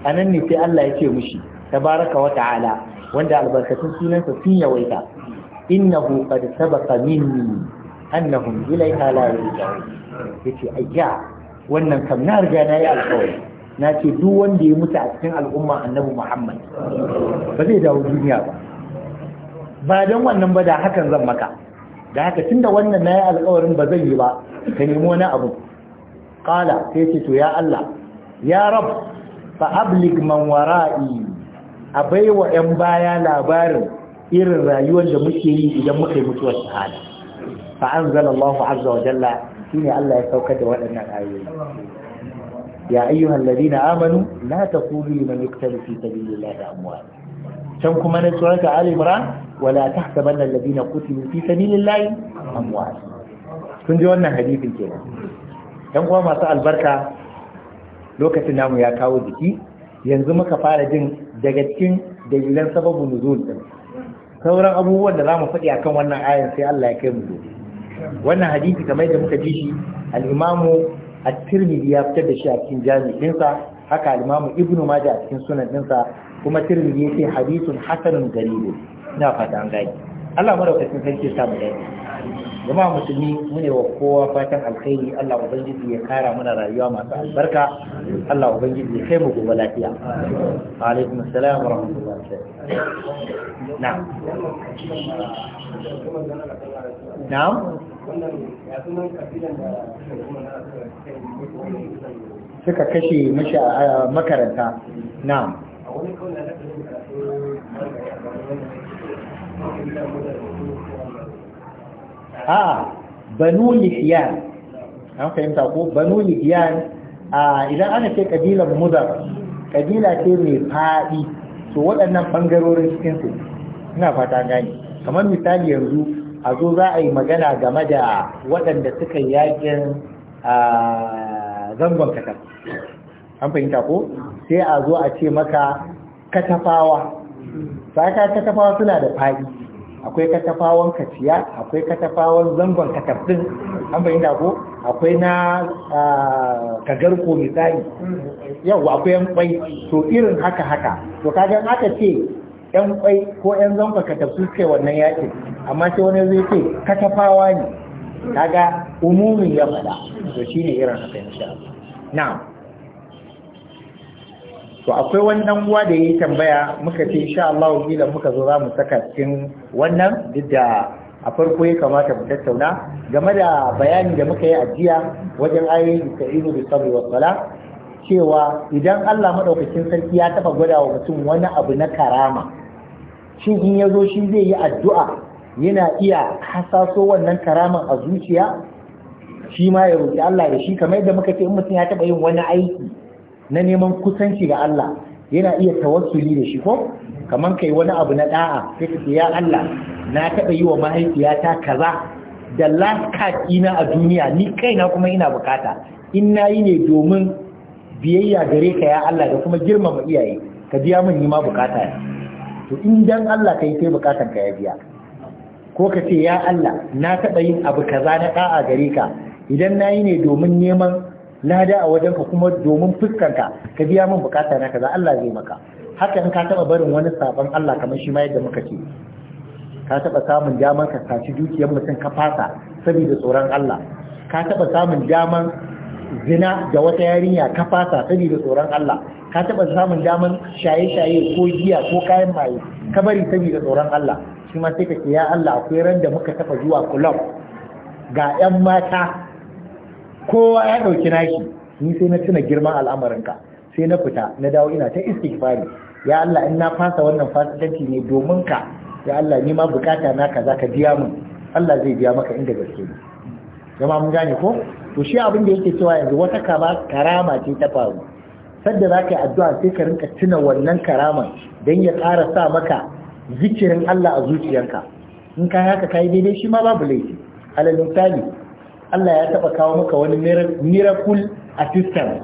anan ne sai Allah ya ce ta tabaraka wa ta'ala wanda albarkatun sunansa sun yawaita innahu qad sabaqa minni annahum ilayha la yarji'un yace ayya wannan kam na riga na yi alƙawari na ce duk wanda ya mutu a cikin al'umma annabi muhammad ba zai dawo duniya ba ba don wannan ba da hakan zan maka da haka tunda wannan na yi alkawarin ba zan yi ba ka nemi wani abu ƙala sai ce to ya Allah ya rab fa ablig man wara'i a baiwa 'yan baya labarin irin rayuwar da muke yi idan muka yi mutuwar shahada fa anzalallahu azza wa jalla shine Allah ya saukar da waɗannan ayoyi ya ayyuhal ladina amanu la taqulu liman yuqtalu fi sabilillahi amwat can kuma na surata ali imran wala tahsabanna alladina qutilu fi sabilillahi amwat kun ji wannan hadisin kenan dan kuma masu albarka lokacin namu ya kawo jiki yanzu muka fara jin daga cikin dalilan sababu nuzul din sauran abubuwan da zamu faɗi akan wannan ayan sai Allah ya kai mu gobe wannan hadisi kamar da muka ji shi al-imamu at-tirmidhi ya fitar da shi a cikin jami'in sa haka al-imamu ibnu majah a cikin sunan ɗinsa kuma tirmidhi yace hadithun hasanun garib ina fata an gani Allah madaukakin sarki ya samu dai jama'a musulmi mune wa kowa fatan alkhairi Allah ubangiji ya kara mana rayuwa masu albarka Allah ubangiji ya kai mu gobe lafiya wa alaikum assalam wa rahmatullahi na'am na'am suka kashe mashi makaranta na a banu lifiyan an fahimta ko banu lifiyan idan ana ce kabilan mudar kabila ce mai faɗi to waɗannan ɓangarorin cikinsu ina fata gani kamar misali yanzu a zo za a yi magana game da waɗanda suka yi yakin zangon katar an fahimta ko sai a zo a ce maka katafawa saka katafawa suna da faɗi akwai katafawan kaciya akwai katafawan zangon katar ɗin an fahimta ko akwai na ko misali yau akwai yan kwai to irin haka haka to kagan aka ce yan kwai ko yan zanfa ka tafi ce wannan yaƙi amma sai wani zai ce katafawa ne kaga umumin ya faɗa to shi ne irin haka insha Allah na'am to akwai wani dan uwa da yayi tambaya muka ce insha Allah kila muka zo za mu saka cikin wannan duk da a farko ya kamata mu tattauna game da bayani da muka yi a jiya wajen ayoyin Isra'ilu bi sabri wa sala cewa idan Allah madaukakin sarki ya taɓa gwada wa mutum wani abu na karama shin in ya zo shi zai yi addu'a yana iya hasaso wannan karaman a zuciya shi ma ya roƙi Allah da shi kamar yadda muka ce in mutum ya taɓa yin wani aiki na neman kusanci ga Allah yana iya tawassuli da shi ko kamar kai wani abu na da'a sai ka ce ya Allah na taɓa yi wa mahaifiyata kaza da last card ina a duniya ni kaina kuma ina bukata in na yi ne domin biyayya gare ka ya Allah da kuma girmama iyaye ka biya min ni ma bukata to in dan Allah kai sai bukatar ka ya biya ko ka ce ya Allah na taɓa yin abu kaza na da'a gare ka idan nayi ne domin neman lada a wajenka kuma domin fuskanka ka ka biya min bukata na kaza Allah zai maka haka in ka taɓa barin wani sabon Allah kamar shi ma yadda muka ce ka taɓa samun daman ka saci dukiyar mutum ka fasa saboda tsoron Allah ka taɓa samun daman zina da wata yarinya ka fasa saboda tsoron Allah ka taɓa samun daman shaye-shaye ko giya ko kayan maye ka bari saboda tsoron Allah shi ma sai ka ce ya Allah akwai ran da muka taɓa zuwa club ga 'yan mata kowa ya ɗauki nashi ni sai na tuna girman al'amarinka sai na fita na dawo ina ta istighfari ya Allah in na fasa wannan fasikanci ne domin ka ya Allah ni ma bukata na kaza ka biya min Allah zai biya maka inda gaske ne jama'a mun gane ko to shi abin da yake cewa yanzu wata kama karama ce ta faru sadda za ka yi addu'a sai ka rinka tuna wannan karaman don ya ƙara sa maka zikirin Allah a zuciyarka in ka haka ka yi daidai shi ma babu laifi alal misali Allah ya taɓa kawo maka wani miracle assistant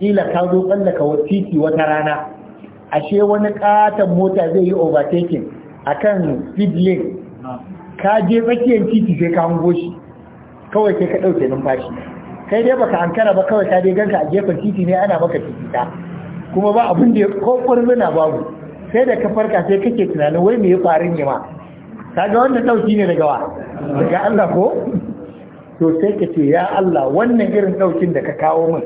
kila ka zo tsallaka titi wata rana ashe wani ƙaton mota zai yi overtaking akan speed lane ka je tsakiyar titi sai ka hango shi kawai sai ka ɗauke numfashi kai dai baka ankara ba kawai ka dai ganka a gefen titi ne ana maka titi ta, kuma ba abin da ko kurmuna babu sai da ka farka sai kake tunanin wai me ya faru ne ma kaga wannan dauki ne daga wa daga Allah ko to sai ka ce ya Allah wannan irin daukin da ka kawo min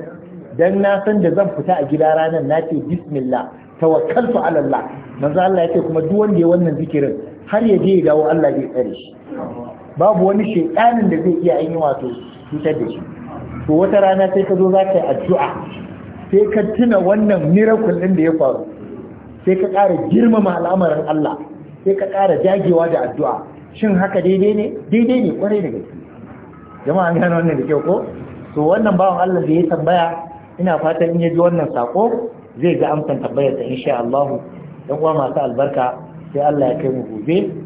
dan na san da zan fita a gida ranar na ce bismillah tawakkaltu ala Allah manzo Allah yake kuma duk wanda ya wannan zikirin har ya je ya dawo Allah zai tsare shi babu wani shekanin da zai iya yin wato cutar da shi to wata rana sai ka zo za ka yi addu'a sai ka tuna wannan miracle ɗin da ya faru sai ka ƙara girmama al'amarin Allah sai ka ƙara jagewa da addu'a shin haka daidai ne daidai ne kwarai da gaske jama'a an wannan da kyau ko to wannan bawan Allah da ya tambaya ina fatan in ya ji wannan sako zai ga amsan tambayar ta insha Allah dan uwa masu albarka sai Allah ya kai mu gobe